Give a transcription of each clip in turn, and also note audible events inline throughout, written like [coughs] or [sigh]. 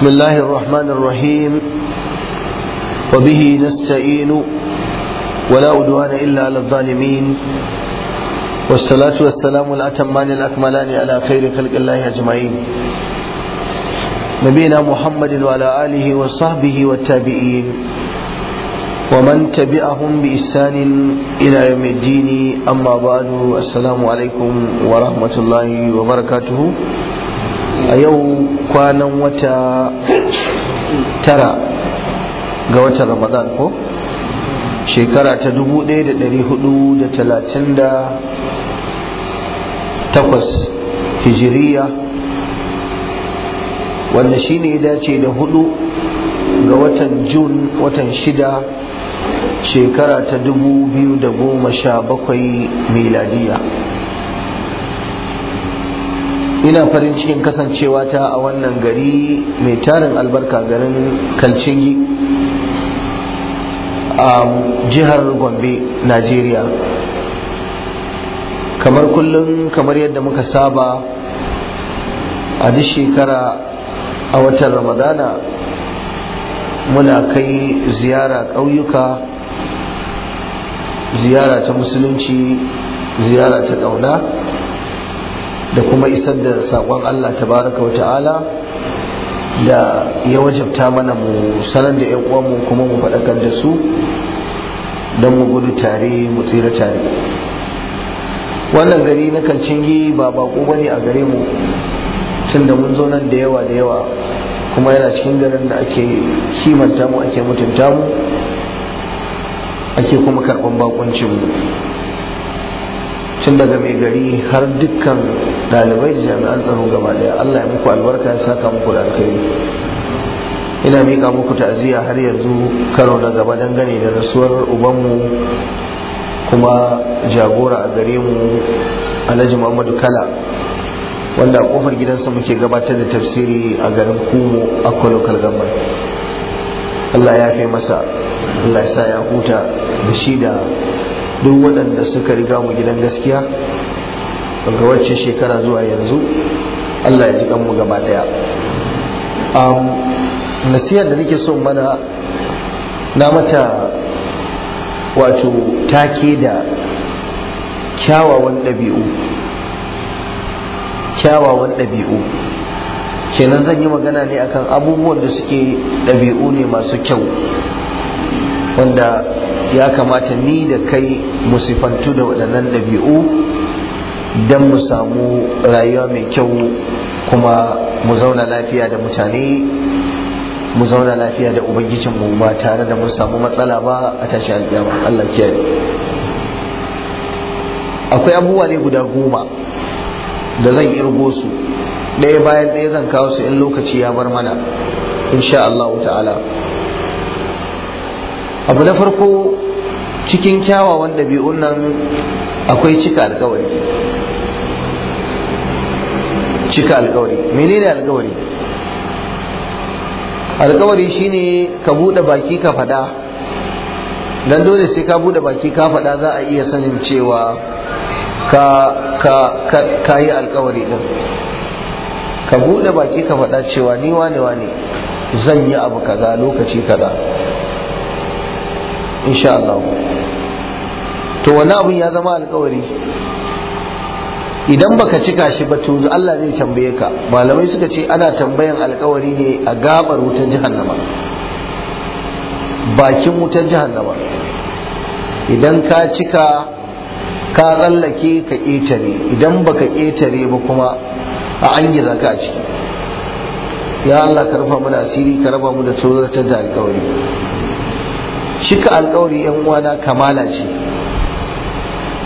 بسم الله الرحمن الرحيم وبه نستعين ولا عدوان إلا على الظالمين والصلاة والسلام الأتمان الأكملان على خير خلق الله أجمعين نبينا محمد وعلى آله وصحبه والتابعين ومن تبعهم بإحسان إلى يوم الدين أما بعد السلام عليكم ورحمة الله وبركاته a yau kwanan wata tara ga watan ramadan ko shekara ta takwas hijiriya wanda shi ne dace da hudu ga watan jun watan shida shekara ta dubu biyu da goma sha bakwai miladiya ina farin cikin kasancewa ta a wannan gari mai tarin albarka garin kalcingi a jihar gombe najeriya kamar kullum kamar yadda muka saba a duk shekara a watan ramadana muna kai ziyara ƙauyuka ziyara ta musulunci ziyara ta ƙauna da kuma isar da saƙon Allah baraka wa ta'ala da ya wajabta mana mu sanar da yan uwanmu kuma mu faɗakar da su don mu gudu tare mu tsira tare wannan gari na kancingi ba bako bane a gare mu tun da mun zo nan da yawa da yawa kuma yana cikin garin da ake kimanta mu ake mutunta mu ake kuma karɓar bakuncin mu tun daga mai gari har dukkan dalibai da jami'an tsaro gaba daya Allah ya muku albarka ya saka muku da alkhairi ina miƙa muku ta'aziyya har yanzu karo na gaba dangane da rasuwar ubanmu kuma jagora a gare mu Alhaji Muhammadu Kala wanda a kofar gidansa muke gabatar da tafsiri a garin Kumo a Kolokal gaba Allah ya fi masa Allah ya sa ya huta da shi da duk waɗanda suka riga mu gidan gaskiya daga wacce shekara zuwa yanzu Allah ya ji mu gaba daya nasiyar da nake son mana na mata wato take da kyawawan ɗabi'u kyawawan ɗabi'u kenan zan yi magana ne akan abubuwan da suke ɗabi'u ne masu kyau wanda ya kamata ni da kai mu sifantu da waɗannan ɗabi'u don mu samu rayuwa mai kyau kuma mu zauna lafiya da mutane mu zauna lafiya da ubangijinmu ba tare da mun samu matsala ba a tashi alƙiyama Allah kiyaye akwai abubuwa ne guda goma da zan irgo su ɗaya bayan ɗaya zan kawo su in lokaci ya bar mana insha Allah ta'ala abu na farko cikin kyawawan ɗabi'un nan akwai cika alkawari cika alkawari menene alkawari alkawari shine ka buɗe baki ka faɗa dan dole sai ka buɗe baki ka faɗa za a iya sanin cewa ka ka ka, ka yi alkawari din ka buɗe baki ka faɗa cewa ni wane wane zan yi abu kaza lokaci kaza insha Allah to wani abun ya zama alkawari idan baka cika shi ba to Allah zai tambaye ka malamai suka ce ana tambayan alkawari ne a gabar wutar jahannama bakin wutar jahannama idan ka cika ka tsallake ka ƙetare idan baka ƙetare ba kuma a an giza ka a ciki ya Allah ka rufa mu da asiri ka raba mu da tsoratar da alkawari cika alkawari yan uwana kamala ce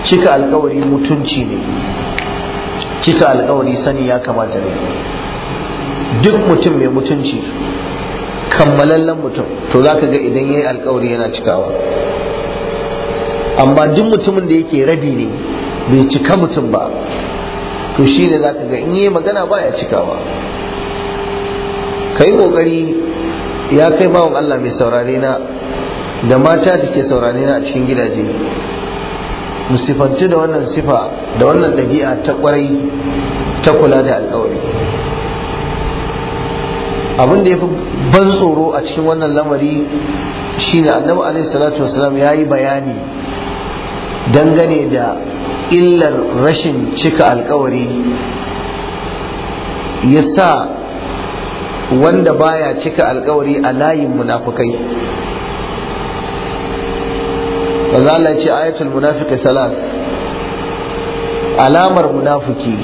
cika alkawari mutunci ne cika alkawari sani ya kamata ne duk mutum mai mutunci kammalallen mutum to za ka ga idan ya yi alkawari yana cikawa amma duk mutumin da yake rabi ne bai cika mutum ba to shi ne za ka ga in yi magana baya cikawa ka yi ƙoƙari ya kai bawan Allah mai saurare na da mata da ke saurare na a cikin gidaje mu sifantu da wannan sifa da wannan ɗabi'a ta ƙwarai ta kula da alƙawari abin da ya fi ban tsoro a cikin wannan lamari shine annabi alaihi salatu wasalam ya yi bayani dangane da illar rashin cika alƙawari ya sa wanda baya cika alƙawari a layin munafukai manzo Allah ya ce ayatul munafiqi salat alamar munafiki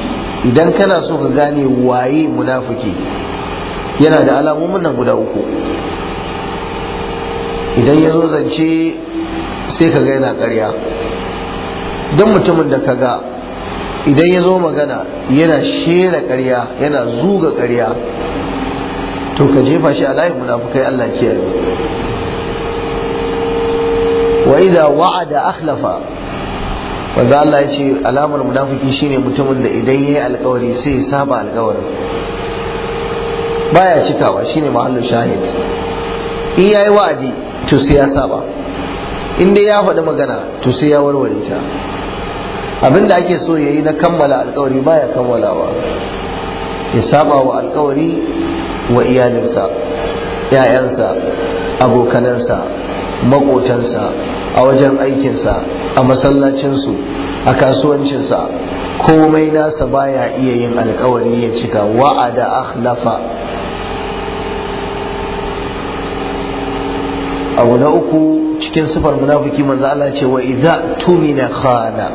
idan kana so ka gane waye munafiki yana da alamomin nan guda uku idan ya zo zance sai ka ga yana ƙarya don mutumin da ka ga idan ya zo magana yana shera ƙarya yana zuga ƙarya to ka jefa shi a layin munafukai Allah kiyaye wa idza wa'ada akhlafa wanda Allah ya ce alamar munafiki shine mutumin da idan yi alkawari sai ya saba alkawarin baya cikawa shine mahallu shahid in ya yi wa'adi to sai ya saba in dai ya faɗi magana to sai ya warware ta abinda ake so ya yi na kammala alkawari baya kammalawa ya saba wa alkawari wa iyalinsa 'ya'yansa abokanansa maƙotansa a wajen aikinsa a masallacinsu a kasuwancinsa komai nasa baya iya yin alkawari ya cika wa'ada akhlafa abu na uku cikin sifar munafiki manzo Allah ce wa idza tumina khana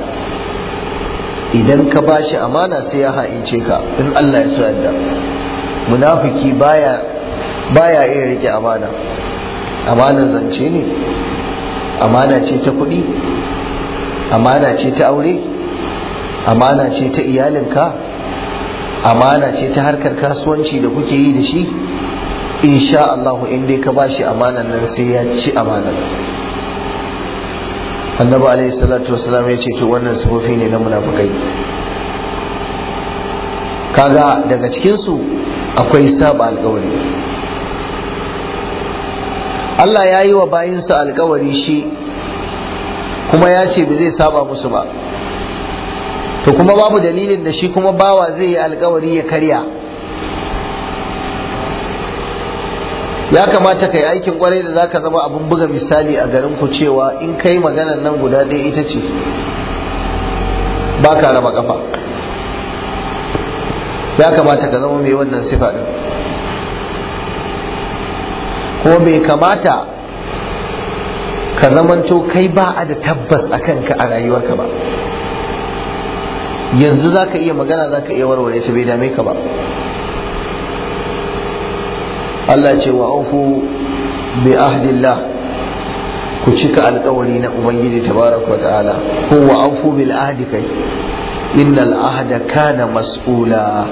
idan ka bashi amana sai ya ha'ince ka in Allah ya so yadda munafiki baya baya iya rike amana amanar zance ne amana ce ta kuɗi amana ce ta aure amana ce ta iyalinka amana ce ta harkar kasuwanci da kuke yi da shi insha Allah in dai ka bashi amanan nan sai ya ci amanan annabi alaihi salatu wasalam ya ce to wannan sufofi ne na munafikai kaga daga cikinsu akwai saba alƙawari. Allah ya yi wa bayinsa alkawari shi kuma ya ce ba zai saba musu ba to kuma babu dalilin da shi kuma bawa zai yi alkawari ya karya ya kamata ka yi aikin kwarai da za ka zama abin buga misali a garin ku cewa in kai maganar nan guda ɗaya ita ce ba ka raba kafa ya kamata ka zama mai wannan sifa ɗin ko bai kamata ka zamanto kai ba a da tabbas a kanka a rayuwarka ba yanzu za ka iya magana za ka iya warware ta bai dame ka ba Allah ce wa aufu bi ahdillah ku cika alkawari na ubangiji tabaraka wa ta'ala ko wa aufu bil ahdi kai innal ahda kana mas'ula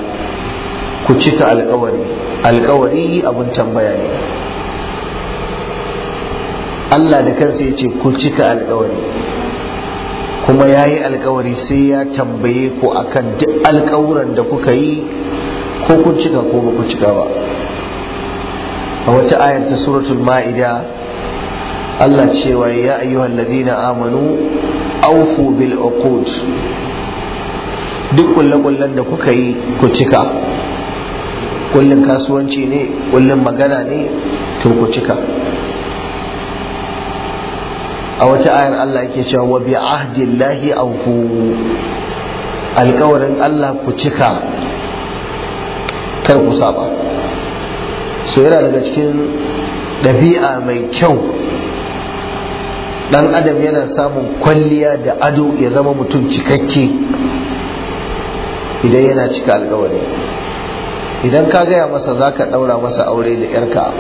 ku cika alkawari alkawari abun tambaya ne Allah da kansa ya ce ku cika alkawari kuma ya yi alkawari sai ya tambaye ku akan duk alkawuran da kuka yi ko kun cika ko ba ku cika ba a wata ayar ta suratul ma'ida Allah cewa ya ayyuhal ladina amanu aufu bil uqud duk kullakullan da kuka yi ku cika kullun kasuwanci ne kullun magana ne to ku cika a wata ayar Allah yake cewa wa bi ahdillahi awfu alkawarin Allah ku cika kar ku saba so yana daga cikin ɗabi'a mai kyau ɗan adam yana samun kwalliya da ado ya zama mutum cikakke idan yana cika alkawari idan ka gaya masa za ka ɗaura masa aure da 'yarka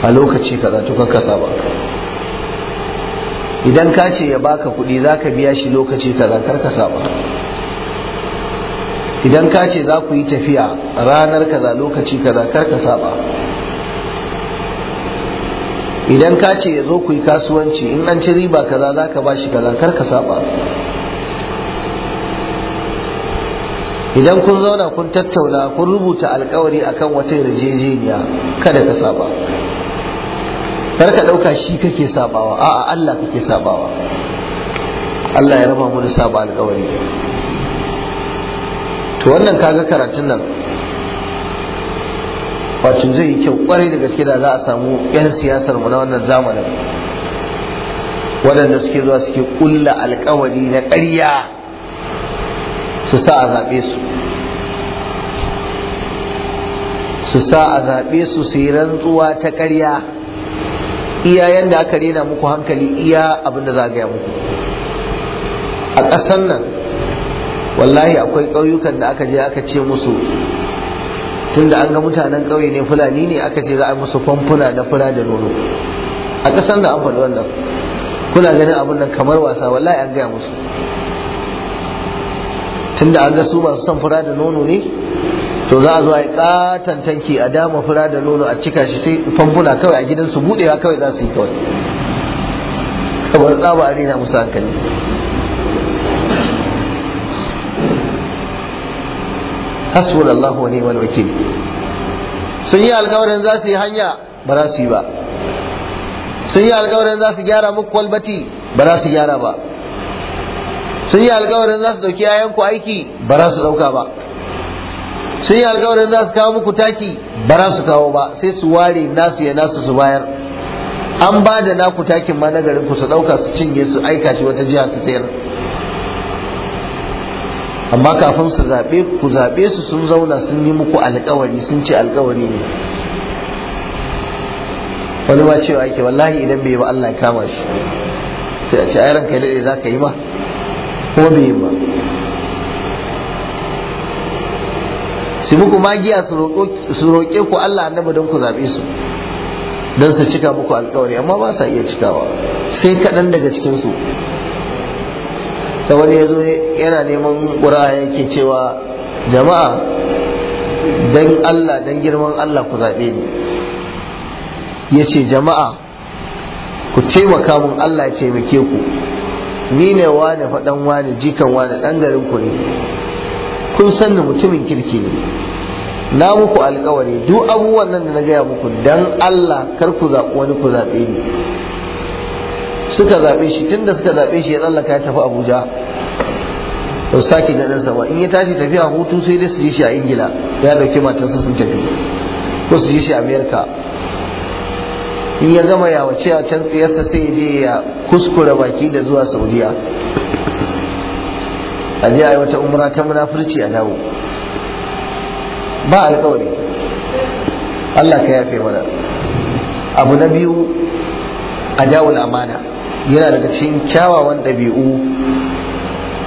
a lokaci kaza to ka saba idan ka ce ya baka kuɗi za ka biya shi lokaci kaza kar ka saba idan ka ce za ku yi tafiya ranar kaza lokaci kaza kar ka saba idan ka ce ya zo ku yi kasuwanci in an ci riba kaza za ka ba shi kaza kar ka saba idan kun zauna kun tattauna kun rubuta alkawari akan wata yarjejeniya kada ka saba kar ka ɗauka shi kake sabawa a'a Allah kake sabawa Allah ya raba mu da saba alƙawari to wannan kaga karatun nan wato zai yi kyau kwarai da gaske da za a samu 'yan siyasar mu na wannan zamanin waɗanda suke zuwa suke ƙulla alƙawari na ƙarya su sa a zaɓe su su sa a zaɓe su su yi rantsuwa ta ƙarya iya yanda aka rena muku hankali iya abin da za a gaya muku a ƙasan nan wallahi akwai ƙauyukan da aka je aka ce musu tunda an ga mutanen ƙauye ne fulani ne aka ce za a musu famfuna da fura da nono a ƙasan da an faɗi wannan kuna ganin abin nan kamar wasa wallahi an gaya musu tunda an ga su masu son fura da nono ne to za a zo a yi katon tanki a dama fura da nono a cika shi sai famfuna kawai a gidansu budewa kawai za su yi kawai saboda tsaba a rina musu hankali hasbunallahu wa ni'mal wakil sun yi alkawarin za su yi hanya ba za su yi ba sun yi alkawarin za su gyara muku kwalbati ba za su gyara ba sun yi alkawarin za su dauki yayanku aiki ba za su dauka ba sun yi alkawarin za su kawo muku taki ba za su kawo ba sai su ware nasu ya nasu su bayar an ba da naku takin ma na garin ku su ɗauka su cinye su aika shi wata jiha su sayar amma kafin su zaɓe ku zaɓe su sun zauna sun yi muku alkawari sun ce alkawari ne wani ma cewa ake wallahi idan bai yi ba Allah ya kama shi sai a ce ai ranka ne za ka yi ma kuma bai yi ba su muku magiya su roƙe ku Allah annabi don ku zaɓe su don su cika muku alkawari amma ba sa iya cikawa sai kaɗan daga cikinsu da wani ya zo yana neman ƙura yake cewa jama'a don Allah don girman Allah ku zaɓe ni ya ce jama'a ku taimaka mun Allah ya taimake ku ni ne wane faɗan wane jikan wane ɗan garin ku ne kun san da mutumin kirki ne na muku alkawari duk abubuwan nan da na gaya muku dan Allah kar ku zaɓi wani ku zaɓe ni suka zaɓe shi tun da suka zaɓe shi ya tsallaka ya tafi Abuja ba saki ga sa ba in ya tashi tafiya hutu sai dai su yi shi a Ingila ya dauki matarsa sun tafi ko su yi shi a Amerika in ya gama yawace a can tsiyarsa sai ya je ya kuskure baki da zuwa Saudiya a je a yi wata umra ta munafurci a dawo ba alƙawari Allah ka yafe mana abu na biyu a jawul amana yana daga cikin kyawawan ɗabi'u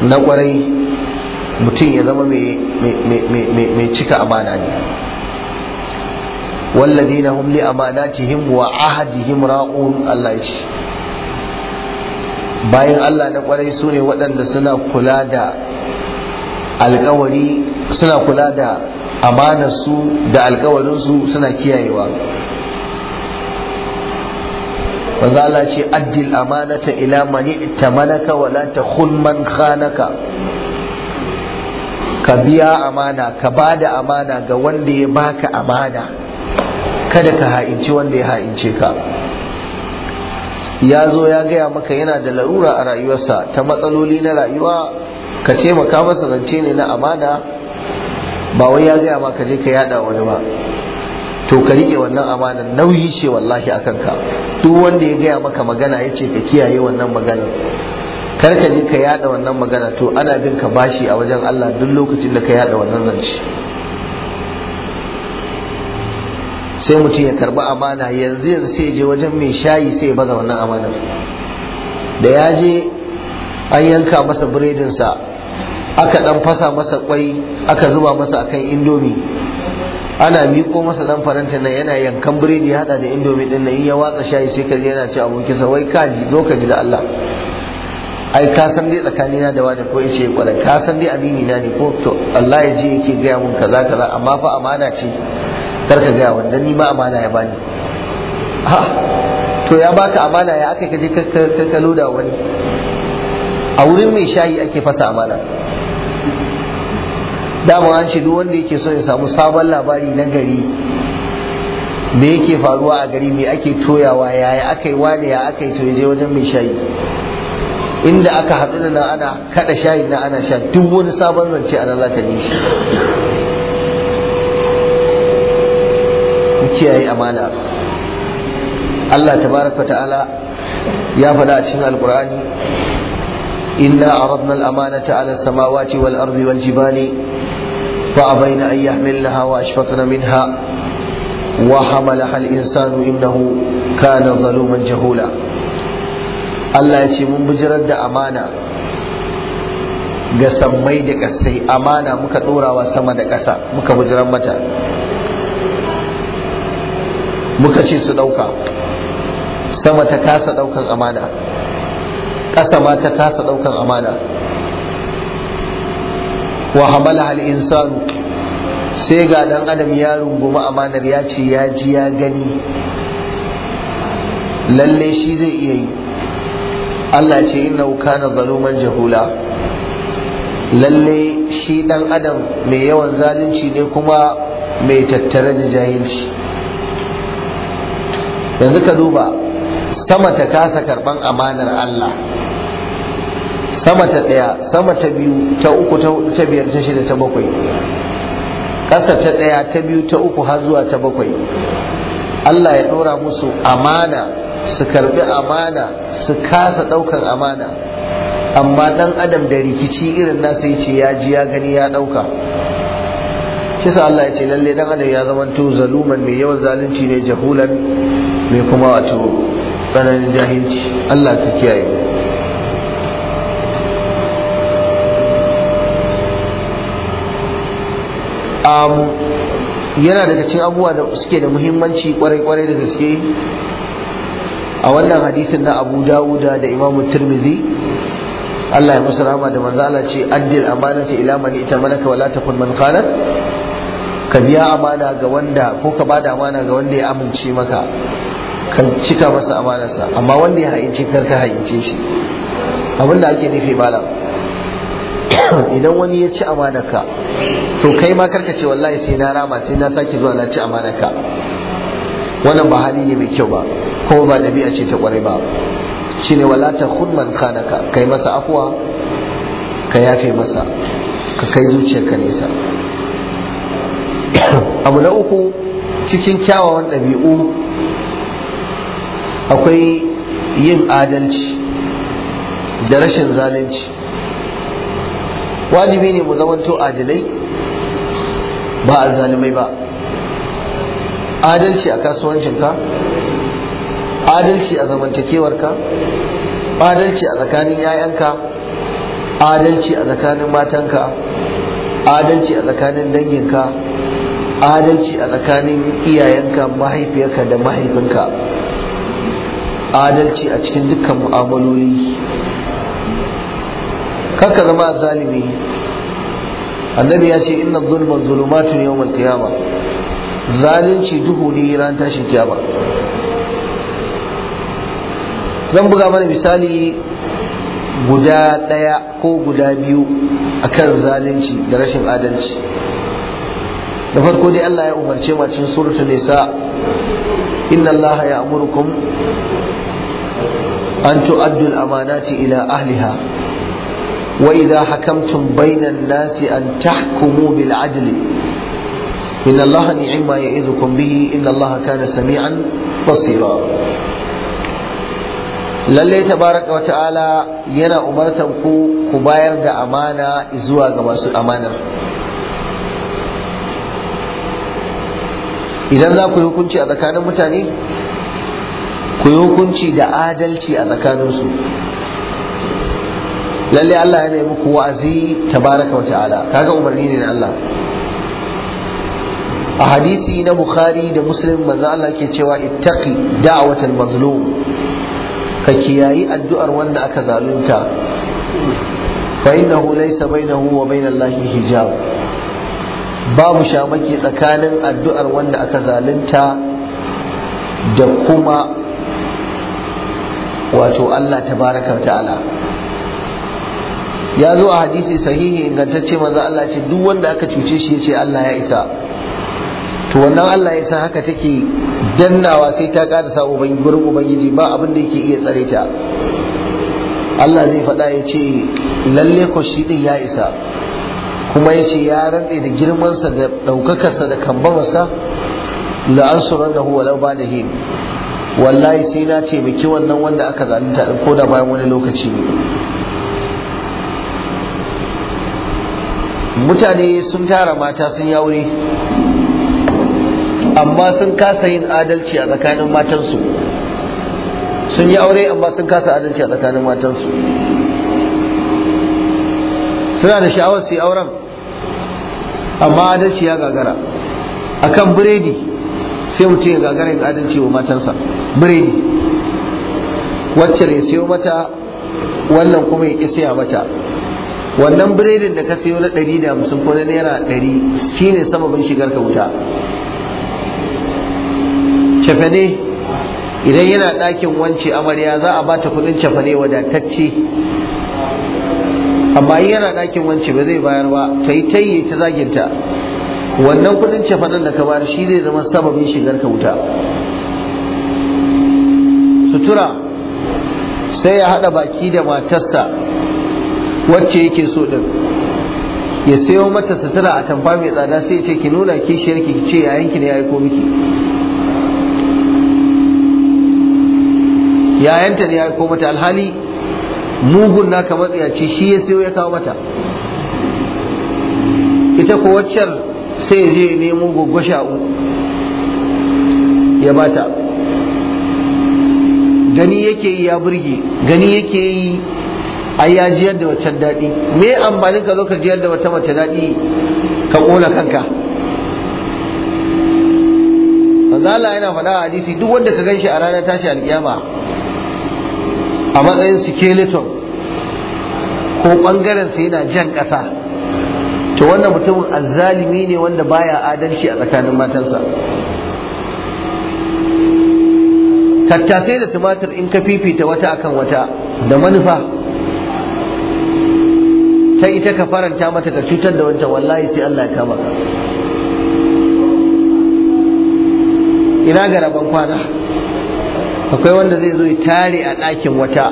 na ƙwarai mutum ya zama mai cika amana ne والذين هم لأماناتهم وعهدهم Allah ya ce. bayan Allah na kwarai su ne waɗanda suna kula da alkawari suna kula da amanarsu da alkawarinsu suna kiyayewa manzo Allah ce addil amanata ila mani tamanaka wala ta man khanaka ka biya amana ka ba da amana ga wanda ya baka amana kada ka ha'inci wanda ya ha'ince ka ya zo ya gaya maka yana da larura a rayuwarsa ta matsaloli na rayuwa ka taimaka masa zance ne na amana ba wai ya gaya maka je ka yada wani ba to ka riƙe wannan amanar nauyi ce wallahi a kanka duk wanda ya gaya maka magana ya ce ka kiyaye wannan magana kar ka je ka yada wannan magana to ana bin ka bashi a wajen Allah duk lokacin da ka yada wannan zance sai mutum ya karba amana yanzu yanzu sai je wajen mai shayi sai ya baza wannan amanar da ya je an yanka masa biredinsa aka dan fasa masa kwai aka zuba masa akan indomi ana miko masa dan faranta nan yana yankan biredi ya hada da indomi din nan in ya watsa shayi sai kaje yana ce abokinsa wai kaji lokaci da Allah ai ka san dai tsakanina da wani ko yace kwarai ka san dai amini na ne ko to Allah ya ji yake gaya mun kaza kaza amma fa amana ce kar ka gaya wanda ni ma amana ya bani ha to ya baka amana ya aka kaje ka ka loda wani a wurin mai shayi ake fasa amana dama an ce duk wanda yake so ya samu sabon labari na gari me yake faruwa a gari me ake toyawa yaya aka yi wane ya aka yi to je wajen mai shayi inda aka haɗu da nan ana kaɗa shayin na ana sha duk wani sabon zance ana za ta shi kiyaye amana Allah tabaraka ta'ala ya faɗa a cikin alkur'ani inna aradna al-amanata ala samawati wal ardi wal jibali fa abaina an yahmilnaha wa ashfaqna minha wa hamalaha al-insanu innahu kana zaluman jahula Allah ya ce mun bijirar da amana ga sammai da kasai amana muka dorawa sama da ƙasa muka bijirar mata muka ce su ɗauka sama ta kasa ɗaukan amana ƙasa ma ta kasa ɗaukan amana wa hamala hal insanu sai ga ɗan adam ya rungumi amanar ya ce ya ji ya gani lalle shi zai iya yi Allah ce inna kana zaluman jahula lalle shi ɗan adam mai yawan zalunci ne kuma mai tattare da jahilci yanzu ka duba sama ta kasa karban amanar Allah sama ta ɗaya sama ta biyu ta uku ta hudu ta biyar ta shida ta bakwai ƙasa ta ɗaya ta biyu ta uku har zuwa ta bakwai Allah ya ɗora musu amana su karbi amana su kasa ɗaukan amana amma ɗan adam da rikici irin nasa ya ya ji ya gani ya ɗauka kisa Allah ya ce lalle dan adam ya zama to zaluman mai yawan zalunci ne jahulan mai kuma wato tsananin jahilci Allah ka kiyaye yana daga cikin abubuwa da suke da muhimmanci kwarai-kwarai da gaske a wannan hadisin na abu dawuda da imamu tirmidhi Allah ya musu rahama da manzala ce addil ce ila man itamanaka wala takun man qalat ka biya amana ga wanda ko ka bada amana ga wanda ya amince maka kan cika masa amanarsa amma wanda ya haince kar ka haince shi abin da ake nufi malam [coughs] idan wani ya ci amanarka to kai ma karka ce wallahi sai na rama sai na sake zuwa na ci amanarka wannan ba hali ne mai kyau ba kuma ba dabi'a ce ta kwarai ba shine wala ta khudman kanaka kai masa afuwa ka yafe masa ka kai zuciyarka nesa [coughs] abu na uku cikin kyawawan ɗabi'u akwai yin adalci da rashin zalunci wajibi ne mu zamanto adalai ba a zalimai ba adalci a kasuwancinka adalci a zamantakewarka adalci a tsakanin 'ya'yanka adalci a tsakanin matanka adalci a tsakanin danginka adalci a tsakanin iyayenka mahaifiyarka da mahaifinka adalci a cikin dukkan mu'amaloli kaka zama zalimi annabi ya ce inna zulma zulumatun yawmal qiyama zalunci duhu ne ran tashi kiyama zan buga mana misali guda ɗaya ko guda biyu akan zalunci da rashin adalci da farko dai Allah ya umarce mu cikin suratul nisa inna Allah amurkum an tu'addu al-amanati ila ahliha wa idha hakamtum bayna an-nasi an tahkumu bil 'adli inna Allah ni'ma ya'idukum bihi inna Allah kana sami'an basira lalle tabaraka wa ta'ala yana umartan ku ku bayar da amana zuwa ga masu amanar idan za ku yi hukunci a tsakanin mutane ku yi hukunci da adalci a tsakaninsu lalle Allah ya nemi ku wa'azi tabaraka wa ta'ala kaga umarni ne na Allah a hadisi na bukhari da muslim manzo Allah ke cewa ittaqi da'watal mazlum ka kiyayi addu'ar wanda aka zalunta fa innahu laysa bainahu wa bainallahi hijab babu shamaki tsakanin addu'ar wanda aka zalunta da kuma wato Allah tabaraka ta'ala ya zo a hadisi sahihi ingantacce manzo Allah ce duk wanda aka cuce shi ce Allah ya isa to wannan Allah ya sa haka take dannawa sai ta ƙara sa gurin ubangiji ba abin da yake iya tsare ta Allah zai faɗa ya ce lalle ko shi din ya isa kuma ya ce ya rantse da girmansa da ɗaukakarsa da kambamarsa la'ansuran da huwa lau ba da hin wallahi sai na ce miki wannan wanda aka zalunta ko da bayan wani lokaci ne mutane sun tara mata sun yi aure amma sun kasa yin adalci a tsakanin matansu sun yi aure amma sun kasa adalci a tsakanin matansu suna da sha'awar su yi auren amma adalci ya gagara akan biredi sai mutum ya gagara yin adalci wa matarsa biredi wacce ne sayo mata wannan kuma ya siya mata wannan biredin da ka sayo na ɗari da hamsin ko na naira ɗari shine sababin shigar ka wuta cefane idan yana ɗakin wance amarya za a bata kuɗin cefane wadatacce amma in yana ɗakin wance ba zai bayar ba ta yi ta yi ta zaginta wannan kudin cefanen da ka bayar shi zai zama sababin shigar ka wuta sutura sai ya haɗa baki da matarsa wacce yake so ɗin ya sayo mata sutura a tamfa mai tsada sai ce ki nuna kishiyarki ki ce yayanki ne ya aiko miki yayanta ne ya aiko mata alhali mugun naka matsiyaci shi ya sayo ya kawo mata ita ko waccan sai je nemo u ya bata gani yake yi ya burge gani yake yi a ya jiyar da waccan daɗi me amfanin ka zo ka jiyar da wata mace daɗi ka ƙona kanka Manzala yana faɗa a hadisi duk wanda ka gan shi a ranar tashi alƙiyama a matsayin skeleton ko bangaren sa yana jan ƙasa to wannan mutumin azzalimi ne wanda baya adalci a tsakanin matansa tattasai da tumatir in ka fifita wata akan wata da manufa ta ita ka faranta mata ka cutar da wancan wallahi sai Allah ya kama ka ina ga rabon kwana akwai wanda zai zo ya tare a ɗakin wata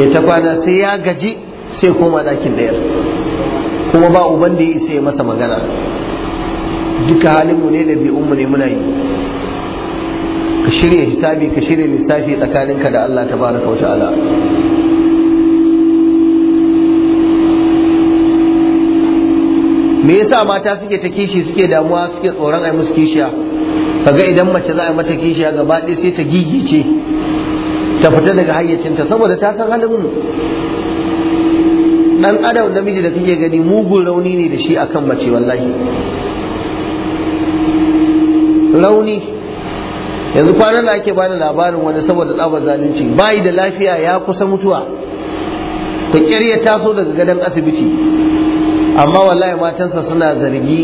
ya ta kwana sai ya gaji sai koma dakin ɗayar kuma ba uban da ya isa ya masa magana duka halinmu ne da bi'unmu ne muna yi ka shirya hisabi ka shirya lissafi tsakaninka da Allah ta baraka wa ta'ala me yasa mata suke ta kishi suke damuwa suke tsoron ai musu kishiya kaga idan mace za a mata kishiya gaba ɗaya sai ta gigice ta fita daga hayyacinta saboda ta san halin mu dan adam namiji da kake gani mugun rauni ne da shi akan mace wallahi rauni yanzu kwanan da ake bani labarin wani saboda tsaba zalunci bayi da lafiya ya kusa mutuwa ta ya taso daga gadon asibiti amma wallahi matansa suna zargi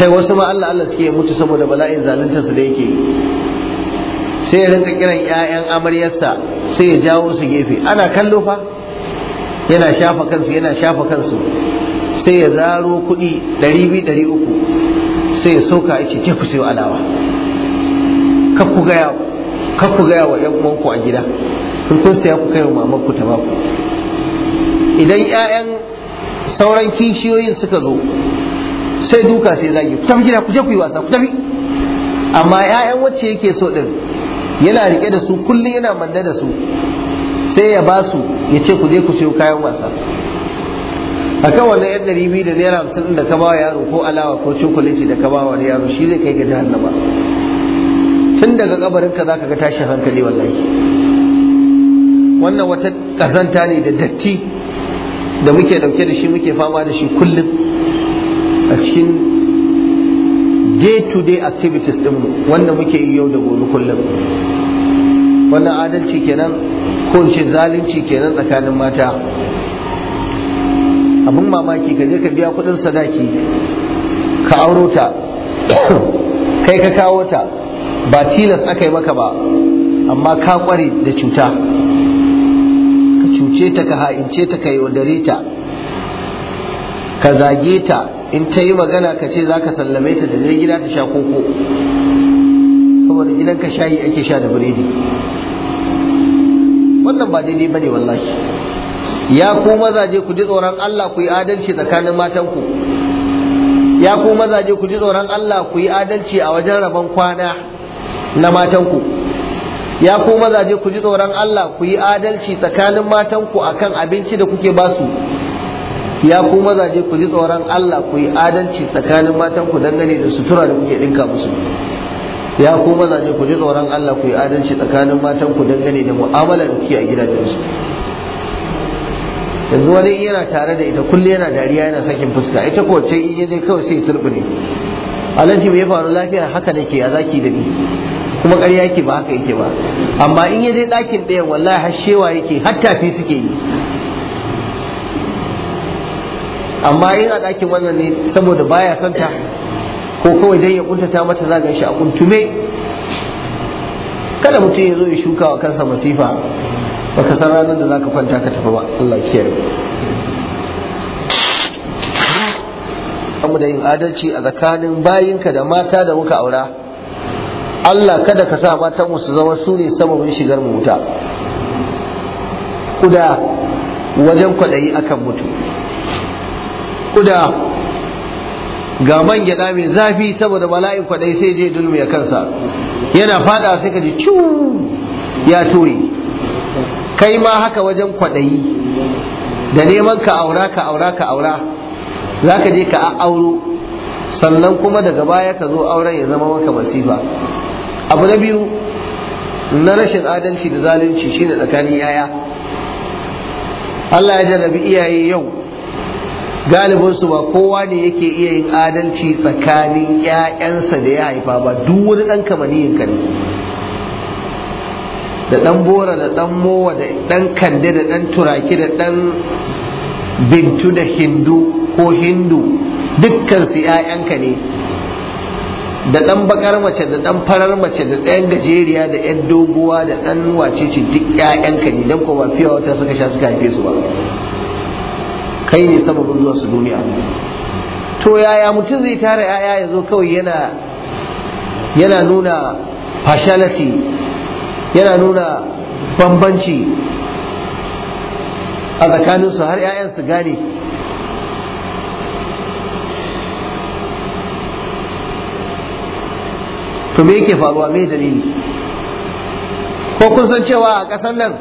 kai wasu ma Allah Allah suke mutu saboda bala'in zaluntarsa da yake yi sai ya rinka kiran 'ya'yan amaryarsa sai ya jawo su gefe ana kallo fa yana shafa kansu yana shafa kansu sai ya zaro kuɗi ɗari biyu ɗari uku sai ya soka ya ce ke ku sayo alawa kakku ku gaya gaya wa 'yan uwanku a gida kun kun saya ku kai wa mamanku ta baku idan 'ya'yan sauran kishiyoyin suka zo sai duka sai zagi ku tafi gida ku je ku yi wasa ku tafi amma 'ya'yan wacce yake so din yana rike da su kullum yana manne da su sai ya ba su ya ce ku je ku siyo kayan wasa a kan wannan yan ɗari biyu da naira hamsin da ka bawa yaro ko alawa ko cokuliti da ka bawa wani yaro shi zai kai ga jahannama tun daga kabarin za ka ga tashin hankali wallahi wannan wata ƙazanta ne da datti da muke ɗauke da shi muke fama da shi kullum a cikin day-to-day activities ɗinmu wanda muke yi yau da gobe kullum wannan adalci kenan ko in ce zalunci kenan tsakanin mata abin mamaki ka je ka biya kudin sadaki ka auro ta [coughs] kai ka kawo ta ba tilas aka yi maka ba amma ka kware da cuta ka cuce ta ka ha'ince ta ka yaudare ta ka zage ta in ta yi magana ka ce za ka sallame ta da gida ta sha koko saboda gidan ka shayi ake sha da biredi wannan ba daidai bane wallahi ya ku mazaje ku ji tsoron Allah ku yi adalci tsakanin matanku ya ku mazaje ku ji tsoron Allah ku yi adalci a wajen rabon kwana na matanku ya ku mazaje ku ji tsoron Allah ku yi adalci tsakanin matanku akan abinci da kuke basu ya ku mazaje ku ji tsoron Allah ku yi adalci tsakanin matanku dangane da sutura da kuke dinka musu ya ku mazaje ku ji tsoron Allah ku yi adalci tsakanin matan ku dangane da mu'amalar da a gidajensu yanzu wani yana tare da ita kullum yana dariya yana sakin fuska ita ko ce in yaje kawai sai ne. alhaji me ya faru lafiya haka nake ya zaki da ni kuma ƙarya yake ba haka yake ba amma in yaje ɗakin ɗayan wallahi har shewa yake har tafi suke yi amma in a ɗakin wannan ne saboda baya son ta ko kawai dai ya kuntata mata za shi a kuntume kada mutum ya zo ya shuka wa kansa masifa baka san ranar da zaka kwanta ka tafi ba Allah kiyaye amma da yin adalci a tsakanin bayinka da mata da muka aura Allah kada ka sa matan mu su zama su ne sama sababin shigar mu wuta kuda wajen kwaɗayi akan mutu kuda ga man gyada mai zafi saboda bala'in kwadai sai je dulmi ya kansa yana fada sai ka ji ciu ya toye kai ma haka wajen kwadayi da neman ka aura ka aura ka aura za ka je ka auro sannan kuma daga baya ka zo auren ya zama maka masifa abu na biyu na rashin adalci da zalunci shine tsakanin yaya Allah ya jarrabi iyaye yau galibinsu ba kowa ne yake iya yin adalci tsakanin ‘ya'yansa da ya haifa ba duk wani ɗan kamaniyin ka ne da ɗan bora da ɗan mowa da ɗan kande da ɗan turaki da ɗan bintu da hindu ko hindu su ‘ya'yanka ne da ɗan bakar mace da ɗan farar mace da ɗayan gajeriya da ‘yan doguwa da ɗan wacece duk ‘ya'yanka ne don kuma fiye wata suka sha suka haife su ba kai ne sababin zuwa su duniya to yaya mutum zai tara yaya ya zo kawai yana yana nuna fashalati yana nuna bambanci a tsakaninsu har 'ya'yan su gane to me yake faruwa me dalili ko kun san cewa a ƙasar nan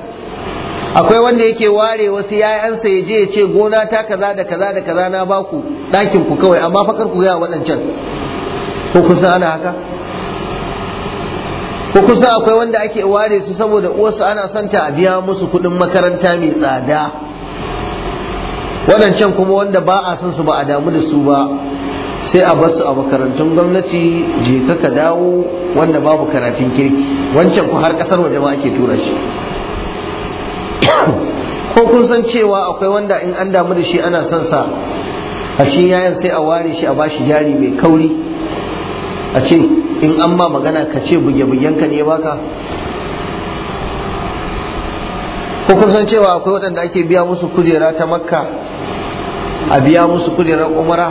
akwai wanda yake ware wasu ‘ya'yansa ya je ya ce gona ta kaza da kaza da kaza na baku ɗakin ku kawai amma fakar ku ga waɗancan ko kusa ana haka ko kusa akwai wanda ake ware su saboda uwarsu ana son a biya musu kuɗin makaranta mai tsada waɗancan kuma wanda ba a son su ba a damu da su ba sai a basu a makarantun gwamnati je ka dawo wanda babu karatun kirki wancan ku har ƙasar waje ma ake tura shi ko kun san cewa akwai wanda in an damu da shi ana son sa a cikin yayan sai a ware shi a bashi jari mai kauri a ce in an ma magana ka ce buge-bugen ka ne baka ko kun san cewa akwai waɗanda ake biya musu kujera ta makka a biya musu kujerar umara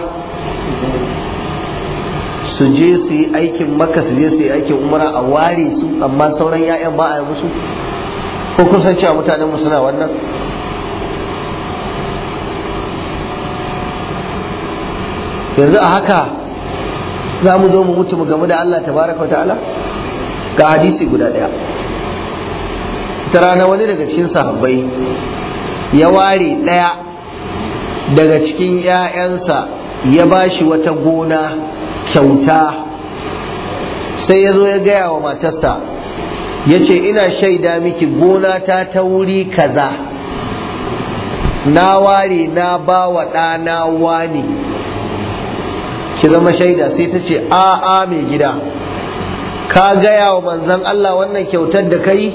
su je su yi aikin makka su je su yi aikin umara a ware su amma sauran 'ya'yan ba a yi musu ko kun san cewa mutanen mu suna wannan yanzu a haka za mu zo mu mutu mu gamu da Allah tabaraka ta'ala ga hadisi guda daya ta rana wani daga cikin sahabbai ya ware daya daga cikin 'ya'yansa ya ba shi wata gona kyauta sai ya zo ya gaya wa matarsa yace ina shaida miki gona ta ta wuri kaza na ware na ba wa ɗana wani ki zama shaida sai ta ce a'a mai gida ka gaya wa manzan Allah wannan kyautar da kai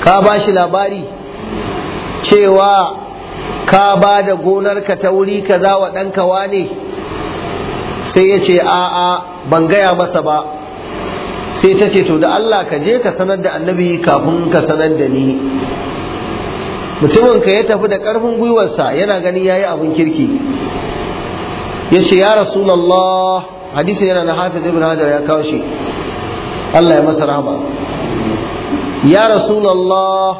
ka ba shi labari cewa ka ba da gonarka ta wuri kaza wa ɗanka wane sai ya ce a'a ban gaya masa ba sai ta ce to da Allah ka je ka sanar da annabi kafin ka sanar da ni mutumin ka ya tafi da ƙarfin gwiwarsa yana gani ya yi abin kirki ya ce ya rasulallah hadisin yana na hafiz ibn hajar ya kawo shi Allah ya masa rahama ya rasulallah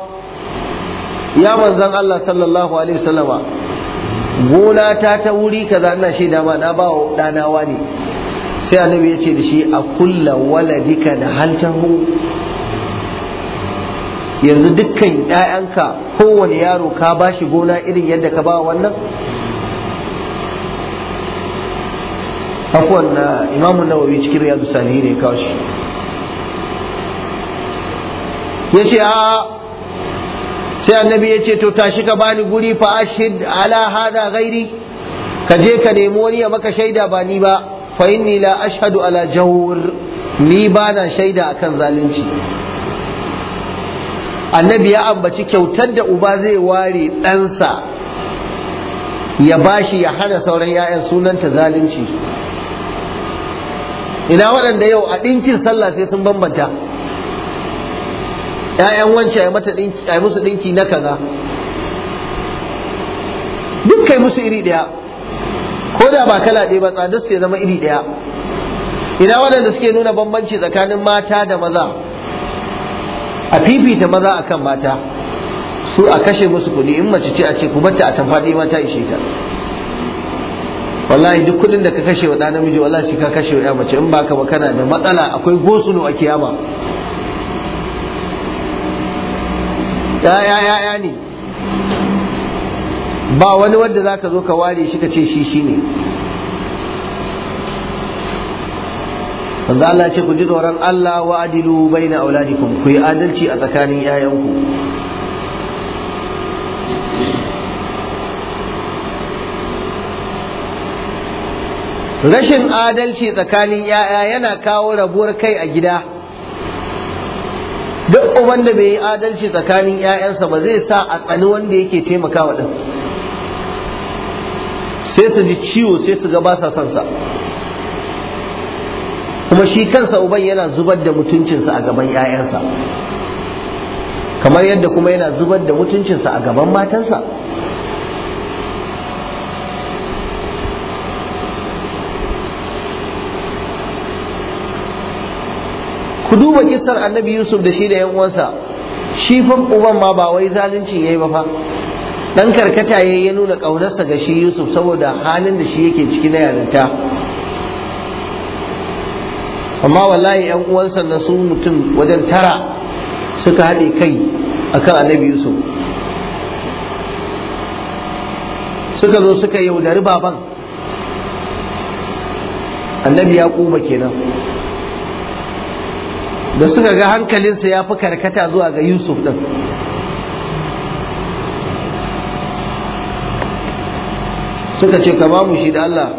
ya manzan Allah sallallahu alaihi wasallama gona ta ta wuri kaza ina shaida ma na bawa ɗanawa ne sai annabi ya ce da shi a kulla waladika da haltahu yanzu dukkan 'ya'yanka kowane yaro ka ba shi gona irin yadda ka ba wannan afuwan na imamun nawawi cikin riyadu salihi ne kawo shi ya ce a sai annabi ya ce to tashi ka bani guri fa ashid ala hada gairi ka je ka nemi wani ya maka shaida ba ni ba fa inni la ashhadu ala jawr ni bana shaida akan zalunci annabi ya ambaci kyautar da uba zai ware ɗansa ya bashi ya hana sauran 'ya'yan sunanta zalunci ina waɗanda yau a ɗinkin sallah sai sun bambanta ‘ya'yan wance a yi musu ɗinki na kaza duk kai musu iri ɗaya ko da ba kala ɗaya ba tsadar su ya zama iri ɗaya ina waɗanda suke nuna bambanci tsakanin mata da maza a fifita maza akan mata su a kashe musu kuɗi in mace ce a ce ku bata a tamfaɗi mata ishe ta wallahi duk kuɗin da ka kashe wa ɗa namiji wallahi shi ka kashe wa ya mace in baka ba kana da matsala akwai gosulo a kiyama ya ya ya ne ba wani wadda za ka zo ka ware shi ka ce shi shi ne wanda Allah ce ku ji tsoron Allah wa adilu bai na auladikun ku yi adalci a tsakanin 'ya'yanku rashin adalci tsakanin 'ya'ya yana kawo rabuwar kai a gida duk uban da bai yi adalci tsakanin 'ya'yansa ba zai sa a tsani wanda yake taimakawa ɗin sai su ji ciwo sai su ga ba sa son kuma shi kansa uban yana zubar da mutuncinsa a gaban 'ya'yansa kamar yadda kuma yana zubar da mutuncinsa a gaban matansa ku duba kisar annabi yusuf da shi da 'yan uwansa shi fa uban ma ba wai zaluncin yayi ba fa dan karkata ya nuna ƙaunarsa ga shi yusuf saboda halin da shi yake ciki na yarinta amma wallahi yan uwansa na su mutum wajen tara suka haɗe kai akan annabi yusuf suka zo suka yaudari baban annabi ya kenan da suka ga hankalinsa ya fi karkata zuwa ga yusuf ɗin suka ce ka bamu shi da Allah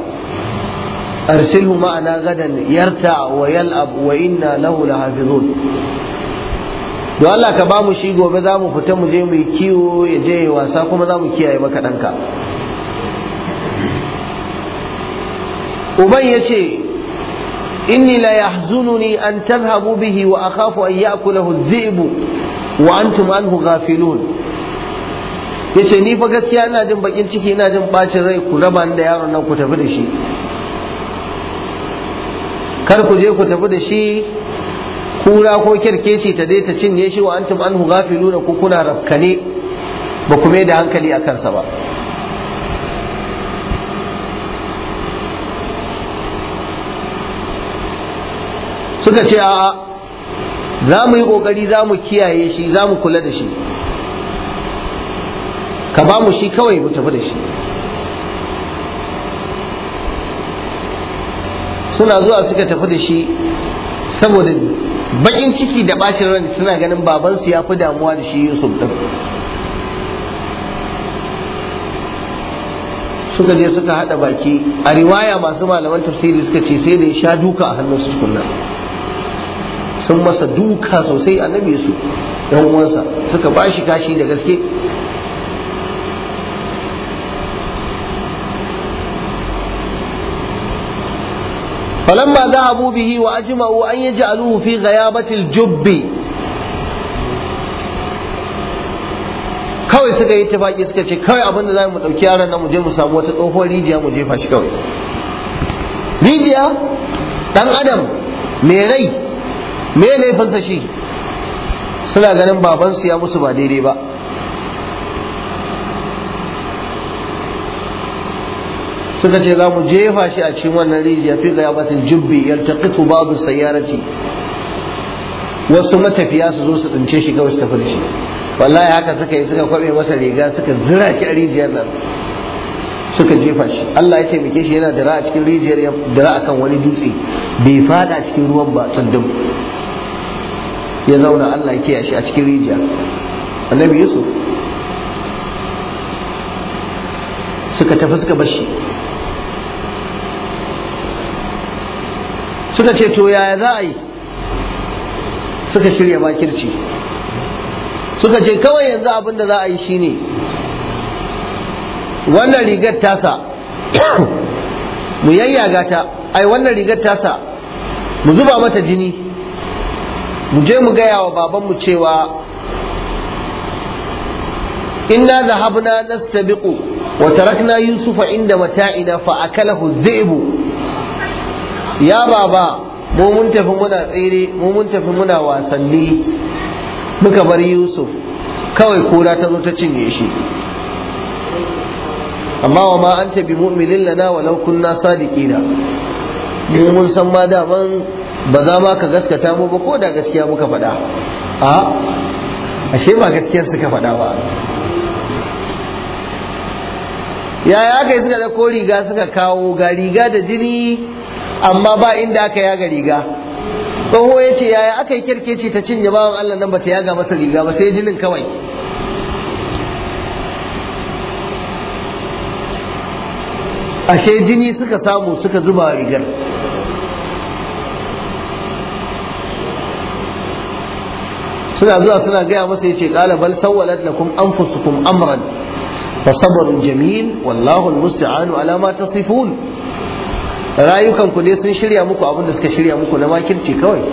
arsilhu ma'ana gadan yarta wa yal'ab wa inna lahu lahafizun don Allah ka bamu shi gobe za mu fita mu je mu yi kiwo ya je wasa kuma za mu kiyaye maka ɗanka uban ya ce inni la yahzununi an tadhhabu bihi wa akhafu an ya'kulahu adh-dhi'bu wa antum anhu ghafilun yace ni fa gaskiya ina jin bakin ciki ina jin bacin rai ku raba da yaron nan ku tafi da shi kar ku je ku tafi da shi kura ko kirkeci ta dai ta cinye shi wa antum anhu lura ku kuna rafkane ba ku mai da hankali a kansa ba suka ce a'a za mu yi ƙoƙari za mu kiyaye shi za mu kula da shi ka ba mu shi kawai mu tafi da shi suna zuwa suka tafi da shi saboda bakin ciki da bacin ran suna ganin babansu ya fi damuwa da shi yusuf ɗin suka je suka hada baki a riwaya masu malaman tafsiri suka ce sai da ya sha duka a hannunsu tukunna sun masa duka sosai annabi su yan uwansa suka ba shi kashi da gaske فلما ذهبوا به وأجمعوا أن يجعلوه في غيابة الجب kawai suka yi tafaki suka ce kawai abinda za mu ɗauki yaran nan mu je mu samu wata tsohuwar rijiya mu jefa shi kawai rijiya ɗan adam rai me laifinsa shi suna ganin babansu ya musu ba daidai ba suka ce za mu jefa shi a cikin wannan rijiya fi ghayabatin jubbi yaltaqitu ba'du sayyarati wasu matafiya su zo su tsince shi kawai su tafi da shi wallahi haka suka yi suka kwabe masa riga suka zira shi a rijiyar nan suka jefa shi Allah ya taimake shi yana dara a cikin rijiyar ya dara akan wani dutse bai fada cikin ruwan ba tsundum ya zauna Allah ya kiyaye shi a cikin rijiya annabi Yusuf suka tafi suka bar shi suka ce to yaya za a yi suka shirya bakirci suka ce kawai yanzu abin da za a yi shine wannan rigar tasa [coughs] mu yayyaga ta ai wannan rigar tasa mu zuba mata jini mu je mu gaya wa babanmu cewa inna zahabna nastabiqu wa tarakna yusufa inda mata'ina fa akalahu dhi'bu ya baba mu mun tafi muna tsere mu mun tafi muna wasanni muka bar yusuf kawai kura ta zo ta cinye shi amma wa ma anta bi mu'minin lana walau kunna sadiqina mu mun san ma daman ba za ma ka gaskata mu ba ko da gaskiya muka faɗa a ashe ba gaskiyar suka faɗa ba yaya aka yi suka da ko riga suka kawo ga riga da jini amma ba inda aka yaga riga tsoho ya ce yaya aka yi kirkeci ta cinye bawan Allah nan ba ta yaga masa riga ba sai jinin kawai ashe jini suka samu suka zuba rigar suna zuwa suna gaya masa ya yace kala bal sawwalat lakum anfusukum amran fa sabrun jamil wallahu almusta'anu Alama, ta sifun. rayukan ku ne sun shirya muku abin da suka shirya muku na makirci kawai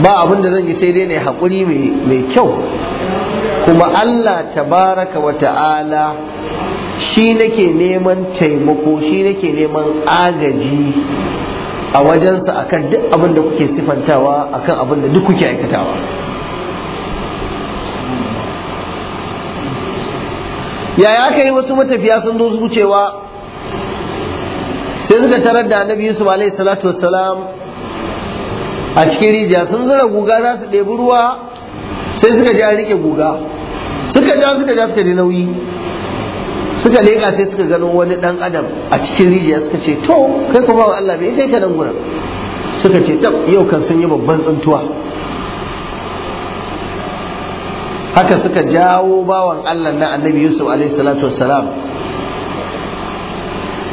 ba abin zan yi sai dai ne haƙuri mai kyau kuma Allah tabaraka wa ta'ala shi nake neman taimako shi nake neman agaji a wajensa akan duk abin kuke sifantawa akan abin da duk kuke aikatawa yaya aka yi wasu matafiya sun zo wucewa sai suka tarar da annabi yusuf alaihi salatu wasalam a cikin rijiya sun zura guga za su ɗebi ruwa sai suka ja rike guga suka ja suka ja suka ji nauyi suka leƙa sai suka gano wani ɗan adam a cikin rijiya suka ce to kai kuma wa Allah bai kai ka nan gurin suka ce tab yau kan sun yi babban tsuntuwa haka suka jawo bawan Allah na annabi Yusuf alaihi salatu wassalam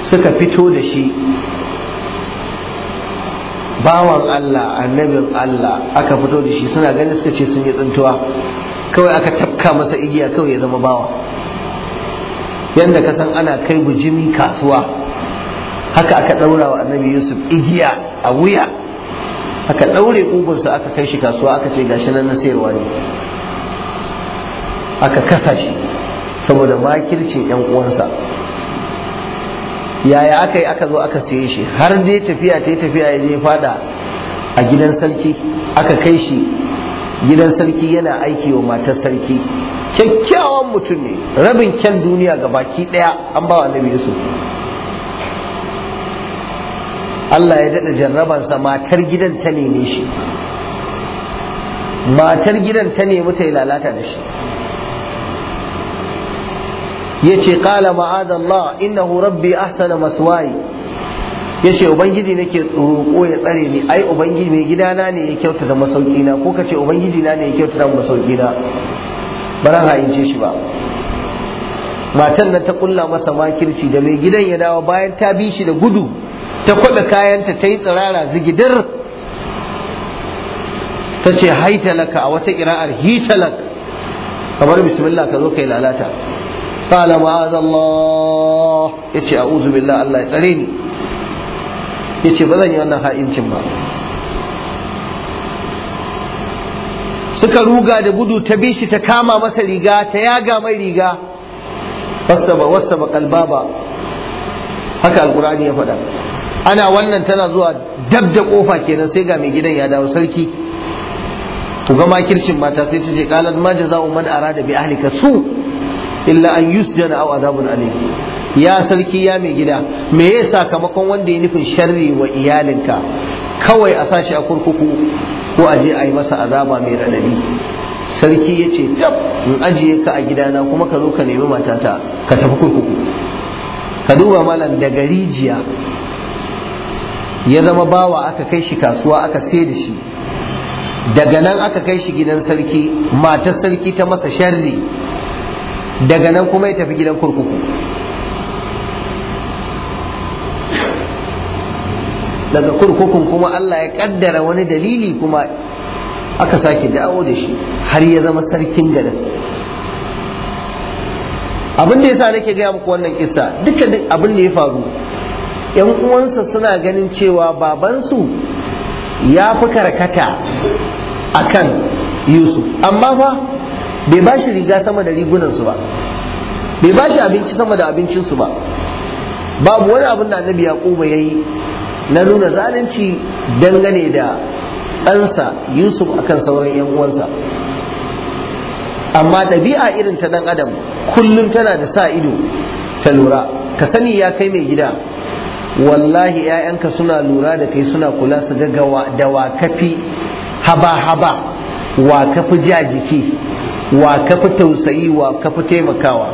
suka fito da shi bawan Allah annabin Allah aka fito da shi suna ganin suka ce sun yi tsintuwa kawai aka tafka masa igiya kawai ya zama bawa yadda ka san ana kai bujimi kasuwa haka aka ɗaura wa annabi yusuf igiya a wuya aka ɗaure ƙugunsa aka kai shi kasuwa aka ce gashi nan na sayarwa ne aka kasa shi saboda makircin 'yan uwansa yaya aka yi aka zo aka siye shi har dai tafiya ta yi tafiya ya je fada a gidan sarki aka kai shi gidan sarki yana aiki wa matar sarki kyakkyawan mutum ne rabin kyan duniya ga baki ɗaya an ba wa annabi yusuf Allah ya daɗa jarrabansa matar gidan ta neme shi matar gidan ta nemi ta yi lalata da shi yace qala ma'adallah innahu rabbi ahsana maswai yace ubangiji nake roƙo ya tsare ni ai ubangiji mai gidana ne ya kyautata masauki na ko kace ubangiji na ne ya kyautata masauki na bara ha'ince shi ba matan nan ta kulla masa makirci da mai gidan ya dawo bayan ta bi shi da gudu ta kwada kayanta ta yi tsirara zigidar ta ce haitalaka a wata kira'ar hitalak kamar bismillah ka zo kai lalata qala ma'az Allah yace a'udhu Allah ya tsare ni ce ba zan yi wannan ha'incin ba suka ruga da gudu ta bi shi ta kama masa riga ta yaga mai riga wasaba wasaba kalbaba haka alkurani ya faɗa ana wannan tana zuwa dab da kofa kenan sai ga mai gidan ya dawo sarki Ku ga makircin mata sai ta ce qalat ma jazaa'u man arada bi ahlika su illa an yusjana aw adabun alim ya sarki ya mai gida me yasa sakamakon wanda ya nufin sharri wa iyalinka kawai a sashi a kurkuku ko a je a yi masa azaba mai radadi sarki ya ce in ajiye ka a gidana kuma ka zo ka nemi matata ka tafi kurkuku ka duba malam daga rijiya ya zama bawa aka kai shi kasuwa aka sai da shi daga nan aka kai shi gidan sarki matar sarki ta masa sharri daga nan kuma ya tafi gidan kurkuku daga kurkukun kuma Allah ya kaddara wani dalili kuma aka sake dawo da shi har ya zama sarkin garin abin da ya sa nake gaya muku wannan kisa dukkan abin da ya faru yan uwansa suna ganin cewa babansu ya fi karkata akan Yusuf amma fa bai ba shi riga sama da rigunansu ba bai ba shi abinci sama da abincinsu ba babu wani abin da annabi yaquba yayi na nuna zalunci dangane da ɗansa yusuf akan sauran yan uwansa amma ɗabi'a irin ta ɗan adam kullum tana da sa ido ta lura ka sani ya kai mai gida wallahi 'ya'yanka suna lura da kai suna kula su ga da wakafi haba-haba wa ka fi ja jiki wa ka tausayi wa ka taimakawa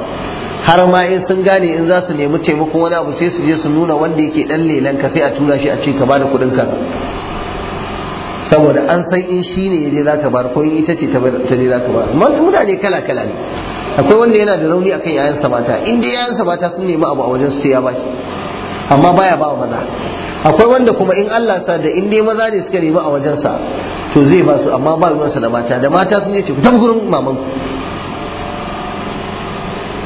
har ma in sun gane in za su nemi taimako wani abu sai su je su nuna wanda yake dan lelan ka sai a tura shi a ce ka bada kuɗin ka saboda an san in shi ne je za ka bar ko in ita ce ta je za ka bar mutane kala kala ne akwai wanda yana da rauni akan yayansa mata in dai yayansa mata sun nemi abu a wajen su sai ya bashi amma baya ba maza akwai wanda kuma in Allah sa da in dai maza ne suka nemi a wajen sa, to zai ba su amma ba ruwansa da mata da mata sun yi ku gurin maman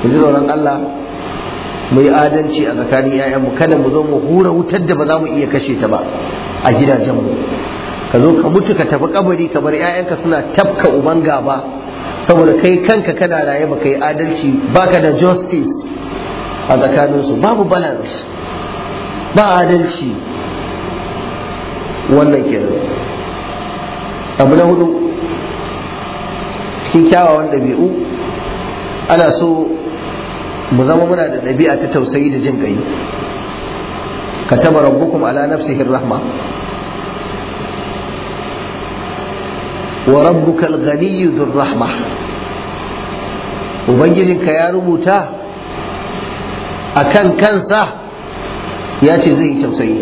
ku ji tsoron Allah mu yi adalci a tsakanin 'ya'yan mu kada mu zo mu hura wutar da ba za mu iya kashe ta ba a gidajenmu ka zo ka mutu ka tafi kabari kamar bar 'ya'yanka suna tafka uban gaba saboda kai kanka kana raye baka yi adalci baka da justice a tsakanin su babu balance ba adalci wannan kenan abu na hudu cikin kyawawan ɗabi'u ana so mu zama muna da ɗabi'a ta tausayi da jin ka kataba rabbukum ala nafsihi rahma wa rabbuka al-ghani dhur rahma ubangijinka ya rubuta akan kansa ya ce zai yi tausayi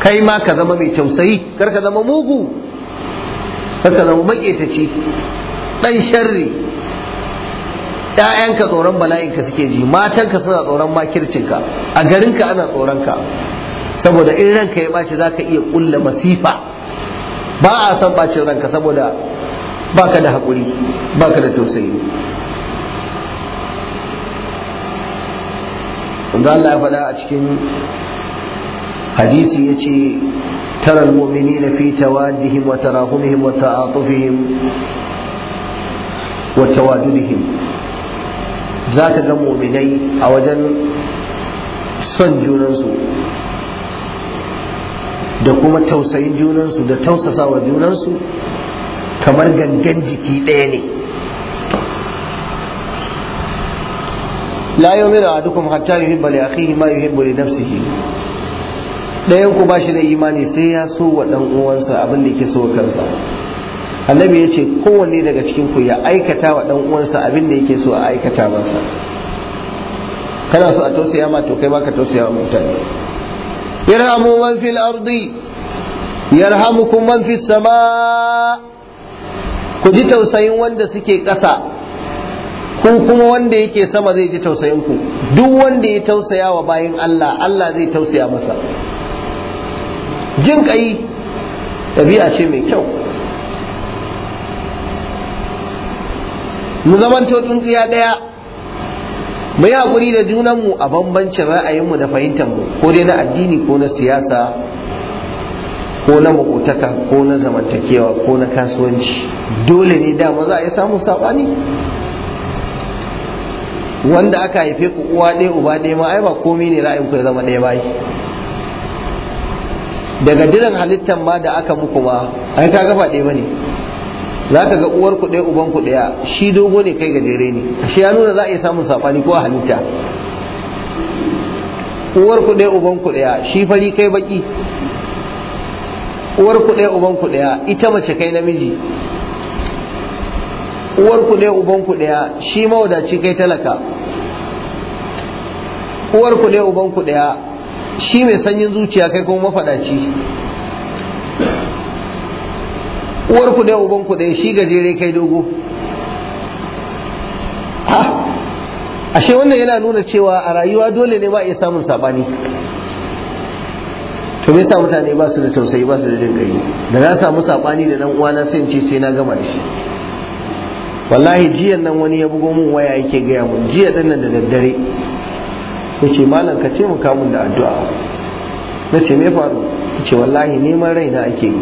kai ma ka zama mai tausayi kar ka zama mugu kar ka zama maƙetaci ɗan sharri ‘ya'yanka tsoron bala'inka suke ji matanka suna tsoron makircinka a garinka ana tsoronka saboda in ranka ya ɓaci za ka iya ƙulla masifa ba a son ɓacin ranka saboda baka da haƙuri baka da tausayi wanda Allah ya faɗa a cikin hadisi ya ce, yace ترى المؤمنين wa ta'atufihim wa tawadudihim Za ka ga mu'minai a wajen son junansu da kuma tausayin junansu da tausasawa junansu kamar gangan jiki ɗaya ne la yu'minu ahadukum hatta yuhibba li akhihi ma yuhibbu Ɗayan ku ba shi bashi da imani sai ya so wa dan uwansa abin da yake so wa kansa annabi ya ce kowanne daga cikin ku ya aikata wa dan uwansa abin da yake so a aikata masa kana so a tausaya ma to kai ma ka tausaya wa mutane yarhamu man fil ardi yarhamukum man fis sama ku ji tausayin wanda suke ƙasa ku kuma wanda yake sama zai ji tausayin ku duk wanda ya tausaya wa bayin Allah Allah zai tausaya masa jin kai ɗabi'a ce mai kyau mu tun tsiya ɗaya mu yi haƙuri da junanmu a bambancin ra'ayinmu da fahimtar mu, ko dai na addini ko na siyasa ko na makotaka ko na zamantakewa ko na kasuwanci dole ne da za a yi samun sabani wanda aka haife ku uwa ɗaya uba ɗaya ma ai ba komai ne ra'ayin ku ya zama ɗaya bai daga diran halittar ma da aka muku ma ai ka gafa ɗaya bane za ka ga uwar ku ɗaya uban ku ɗaya shi dogo ne kai gajere ne shi ya nuna za a iya samun saɓani ko halitta uwar ku ɗaya uban ku ɗaya shi fari kai baki uwar ku ɗaya uban ku ɗaya ita mace kai namiji uwar ku ɗaya uban ku ɗaya shi mawadaci kai talaka uwar ku ɗaya uban ku ɗaya shi mai sanyin zuciya kai kuma mafadaci uwar ku ɗaya uban ku ɗaya shi gajere kai dogo ashe wannan yana nuna cewa a rayuwa dole ne ba iya samun sabani to me yasa mutane ba su da tausayi ba su da jin kai da na samu sabani da dan uwana sai in ce sai na gama da shi wallahi jiyan nan wani ya bugo mun waya yake gaya mun jiya dan nan da daddare yace malam ka ce taimaka mun da addu'a na ce me faru yace wallahi neman raina ake yi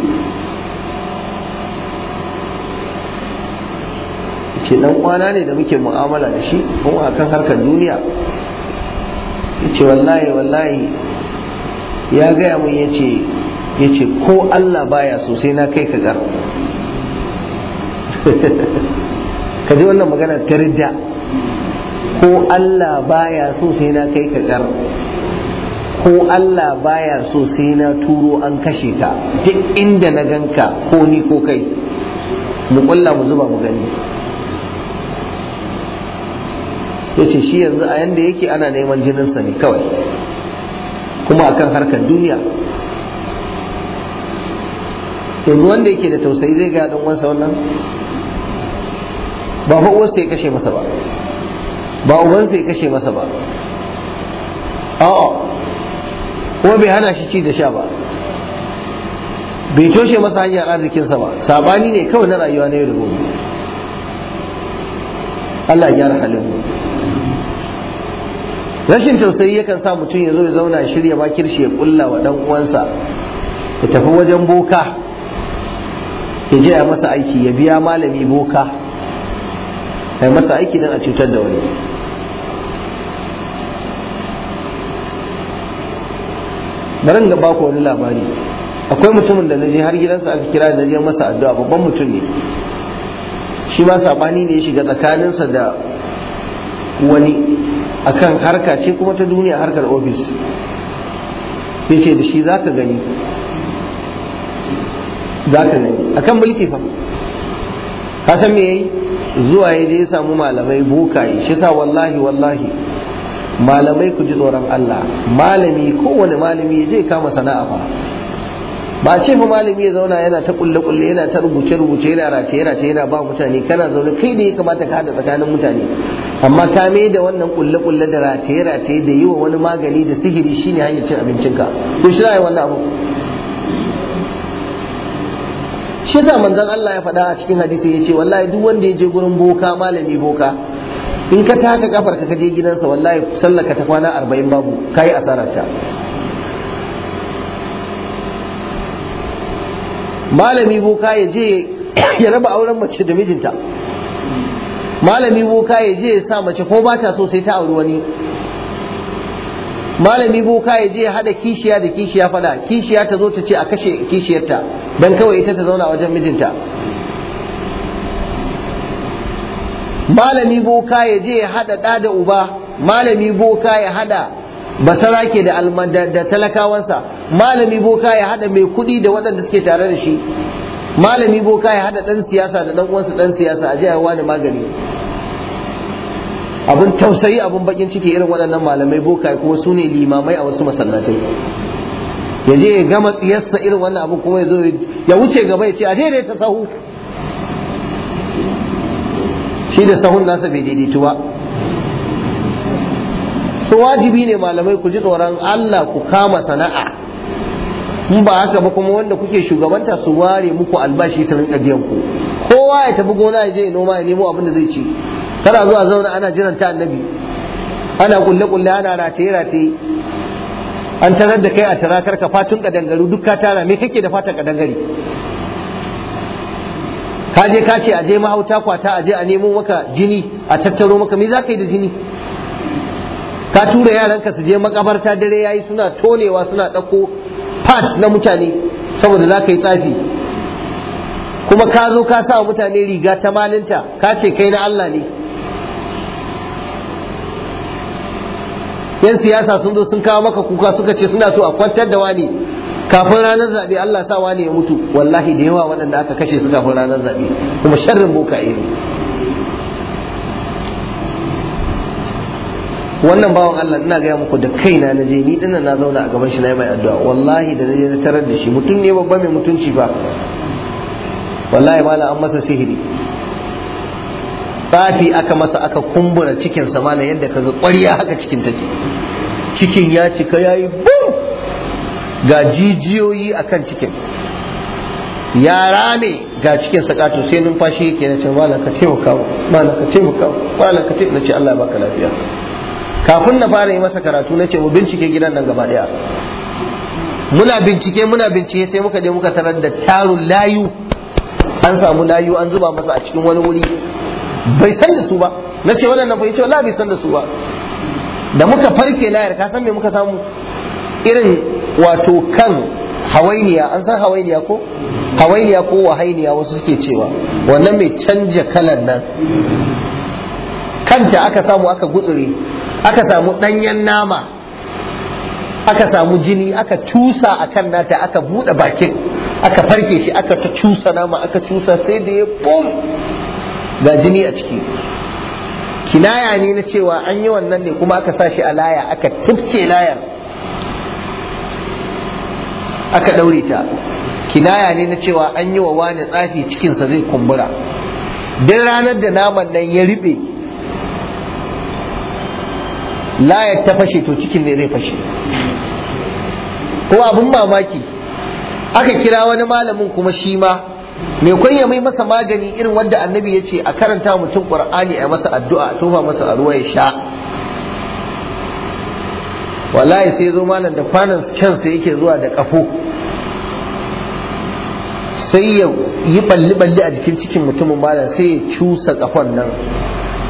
yace dan kwana ne da muke mu'amala da shi kuma akan harkar duniya yace wallahi wallahi ya gaya mun yace yace ko Allah baya so sai na kai ka ga. [laughs] ka ji wannan magana ta ridda ko Allah baya so sai na kai ka kar ko Allah baya so sai na turo an kashe ka duk inda na ganka ko ni ko kai mu kulla mu zuba mu gani yace shi yanzu a yanda yake ana neman jinin sa ne kawai kuma akan harkar duniya yanzu wanda yake da tausayi zai ga dan wansa wannan ba fa uwarsa ya kashe masa ba ba uwansa ya kashe masa ba a'a kuma bai hana shi ci da sha ba bai toshe masa hanyar arzikinsa ba sabani ne kawai na rayuwa na yau da gobe Allah ya gyara halin rashin tausayi yakan sa mutum ya zo ya zauna ya shirya ba kirshi ya kulla wa dan uwansa ya tafi wajen boka ya je ya masa aiki ya biya malami boka Kai masa aiki dan a cutar da wani barin ga baku wani labari akwai mutumin da naje har gidansa aka kira da naje masa addu'a babban mutum ne shi ma sabani ne ya shiga tsakaninsa da wani akan harka ce kuma ta duniya harkar ofis ya ce da shi za ka gani za ka gani akan mulki fa ka san me yayi zuwa ya je ya samu malamai bokaye shi sa wallahi wallahi malamai ku ji tsoron Allah malami kowane malami ya je kama sana'a fa ba ce fa malami ya zauna yana ta kulle kulle yana ta rubuce rubuce yana rataye rataye yana ba mutane kana zaune kai da ya kamata ka hada tsakanin mutane amma ka da wannan kulle kulle da rataye rataye da yi wa wani magani da sihiri shine hanyar cin abincinka to shi wannan abu shi yasa manzon Allah ya faɗa a cikin hadisi ya ce wallahi duk wanda ya je gurin boka malami boka in ka taka kafar ka je gidansa wallahi sallaka ta kwana arba'in babu kai asarar ta malami boka ya je ya raba auren mace da mijinta malami boka ya je ya sa mace ko ba ta so sai ta auri wani malami boka ya je ya hada kishiya da kishiya fada kishiya ta zo ta ce a kashe kishiyarta dan kawai ita ta zauna wajen mijinta malami boka ya je ya hada da da uba malami boka ya hada basarake da da talakawansa malami boka ya hada mai kuɗi da waɗanda suke tare da shi malami boka ya hada ɗan siyasa da ɗan uwansa ɗan siyasa a je a wani magani abin tausayi abin bakin ciki irin waɗannan malamai boka kuma su ne limamai a wasu masallacin ya je ya gama tsiyarsa irin wannan abin kuma ya zo ya wuce gaba ya ce a ta sahu shi da sahun nasa bai daidaitu ba su wajibi ne malamai ku ji tsoron Allah ku kama sana'a in ba haka ba kuma wanda kuke shugabanta su ware muku albashi su rinka biyan ku kowa ya tafi gona ya je ya noma ya nemo abin da zai ci tana zuwa zauna ana jiran ta annabi ana kulle kulle ana rataye rataye an tarar da kai a tarakar ka fatun kadangaru duk ka tara me kake da fatan kadangare ka je ka ce a je mahauta kwata a je a nemo maka jini a tattaro maka me za ka yi da jini ka tura yaranka su je makabarta dare yayi suna tonewa suna ɗauko part na mutane saboda zaka yi tsafi kuma ka zo ka sa mutane riga ta malinta ka ce kai na Allah ne yan siyasa sun zo sun kawo maka kuka suka ce suna so a kwantar da wani kafin ranar zaɓe Allah sa wani ya mutu wallahi da yawa waɗanda aka kashe su kafin ranar zaɓe kuma sharrin boka iri wannan bawan Allah ina gaya muku da kaina na je ni dinnan na zauna a gaban shi na yi mai addu'a wallahi da na je na tarar da shi mutum ne babba mai mutunci ba wallahi mala an masa sihiri tsafi aka masa aka kumbura cikin sa malam yadda kaga ƙwarya haka cikin take cikin ya cika ya yi bum ga jijiyoyi akan cikin ya rame ga cikin sakatu sai numfashi yake na ce malam ka taimaka malam ka taimaka malam ka taimaka na ce Allah baka lafiya kafin na fara yi masa karatu na ce mu bincike gidan nan gaba daya muna bincike muna bincike sai muka je muka tarar da tarun layu an samu layu an zuba masa a cikin wani wuri bai san da su ba na ce waɗannan fa yace wallahi bai san da su ba da muka farke layar ka san me muka samu irin wato kan hawainiya an san hawainiya ko hawainiya ko wahainiya wasu suke cewa wannan mai canja kalan nan kanta aka samu aka gutsure aka samu ɗanyen nama aka samu jini aka cusa a kan nata aka buɗe bakin aka farke shi aka ta cusa nama aka cusa sai da ya bum ga jini a ciki kinaya ne na cewa an yi wannan ne kuma aka sa shi a laya aka tifce layar aka ɗaure ta kinaya ne na cewa an yi wa wani tsafi cikinsa zai kumbura don ranar da naman nan ya riɓe layar ta fashe to cikin ne zai fashe ko abin mamaki aka kira wani malamin kuma shi ma Mai kun ya mai masa magani irin wanda annabi ya ce a karanta mutum qur'ani a masa addu'a a tofa masa a ruwa ya sha wallahi sai zo malam da kwanan sai yake zuwa da kafo sai ya yi balli balli a jikin cikin mutumin malam sai ya cusa kafon nan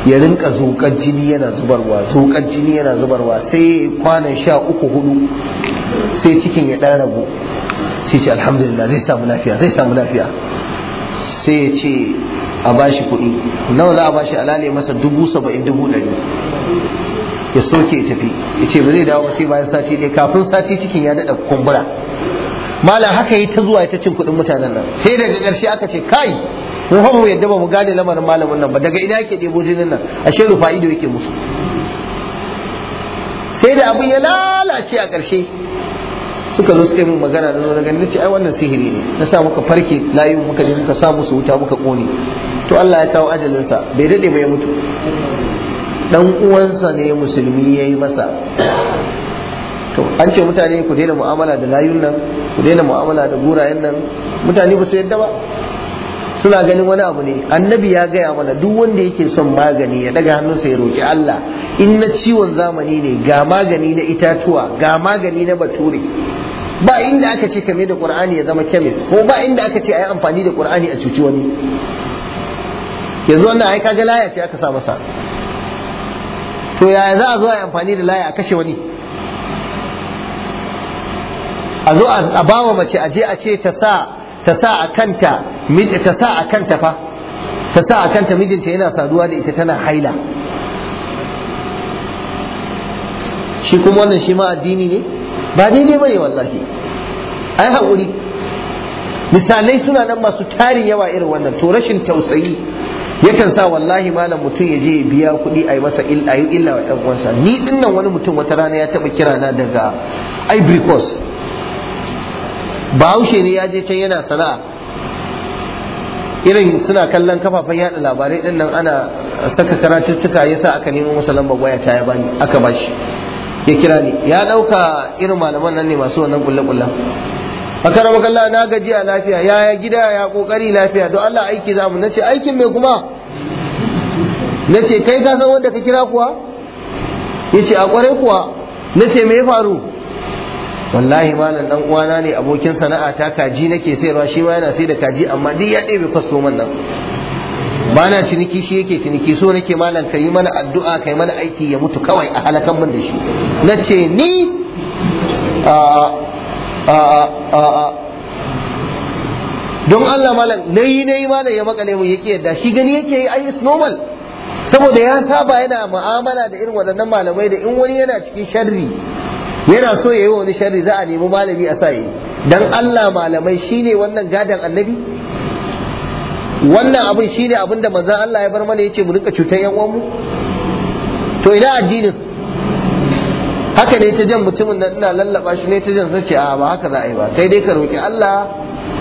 ya rinka zokar jini yana zubarwa zokar jini yana zubarwa sai kwanan sha uku hudu sai cikin ya dan rabu sai ce alhamdulillah zai samu lafiya zai samu lafiya sai ya ce a bashi kuɗi nawa za a bashi alale masa dubu saba'in dubu ɗari ya soke ya tafi ya ce ba zai dawo sai bayan sati ɗaya kafin sati cikin ya daɗa kumbura malam haka yi ta zuwa ya ta cin kuɗin mutanen nan sai daga ƙarshe aka ce kai mu fa mu yadda ba mu gane lamarin malamin nan ba daga ina yake ɗebo jinin nan ashe rufa ido yake musu sai da abin ya lalace a ƙarshe suka zo suka yi min magana da zo daga ni ce ai wannan sihiri ne na sa muka farke layu muka je muka sa musu wuta muka kone to Allah ya kawo ajalinsa bai dade ba ya mutu dan uwansa ne musulmi yayi masa to an ce mutane ku daina mu'amala da layun nan ku daina mu'amala da gurayen nan mutane ba su yadda ba suna ganin wani abu ne annabi ya gaya mana duk wanda yake son magani ya daga hannunsa ya roki Allah in na ciwon zamani ne ga magani na itatuwa ga magani na bature ba inda aka ce kame da qur'ani ya zama kemis ko ba inda aka ce ayi amfani da qur'ani a cuci wani yanzu wannan ai kaga laya ce aka sa masa to yaya za a zo a yi amfani da laya a kashe wani a zo a bawa mace a je a ce ta sa ta sa a kanta ta sa a kanta fa ta sa a kanta mijinta yana saduwa da ita tana haila shi kuma wannan shi ma addini ne ba daidai bane wallahi ai haƙuri misalai suna nan masu tarin yawa irin wannan to rashin tausayi yakan sa wallahi malam mutum ya je ya biya kuɗi a yi masa ayu illa wa ɗan uwansa ni din nan wani mutum wata rana ya taɓa kira na daga Ivory Coast bahaushe ne ya je can yana sana'a irin suna kallon kafafen yada labarai din nan ana saka karatuttuka yasa aka nemo masa lambar waya ta ya bani aka bashi ya kira ni ya ɗauka irin malaman nan ne masu wannan kulle-kullen akara makalla na gajiya lafiya ya, ya gida ya kokari lafiya don Allah aiki za mu nace aikin mai kuma nace kai ka san wanda ka kira kuwa yace a kwarai kuwa nace me ya faru wallahi malam dan uwana ne abokin sana'a ta kaji nake sayarwa shi ma yana sai da kaji amma duk ya ɗebe man nan ba na ciniki shi yake ciniki so nake malam ka yi mana addu'a ka yi mana aiki ya mutu kawai a halakan mun da shi na ce ni don Allah malam na yi na malam ya makale mu yake yadda shi gani yake yi ai normal saboda ya saba yana mu'amala da irin waɗannan malamai da in wani yana cikin sharri yana so ya yi wani sharri za a nemi malami a sa yi dan Allah malamai shine wannan gadon annabi wannan abin shine abin da manzon Allah ya bar mana ya ce mu rinka cutar yan uwanmu to ina addinin haka ne ta jan mutumin da ina lallaba shi ne ta jan sai ce a ba haka za a yi ba kai dai ka roki Allah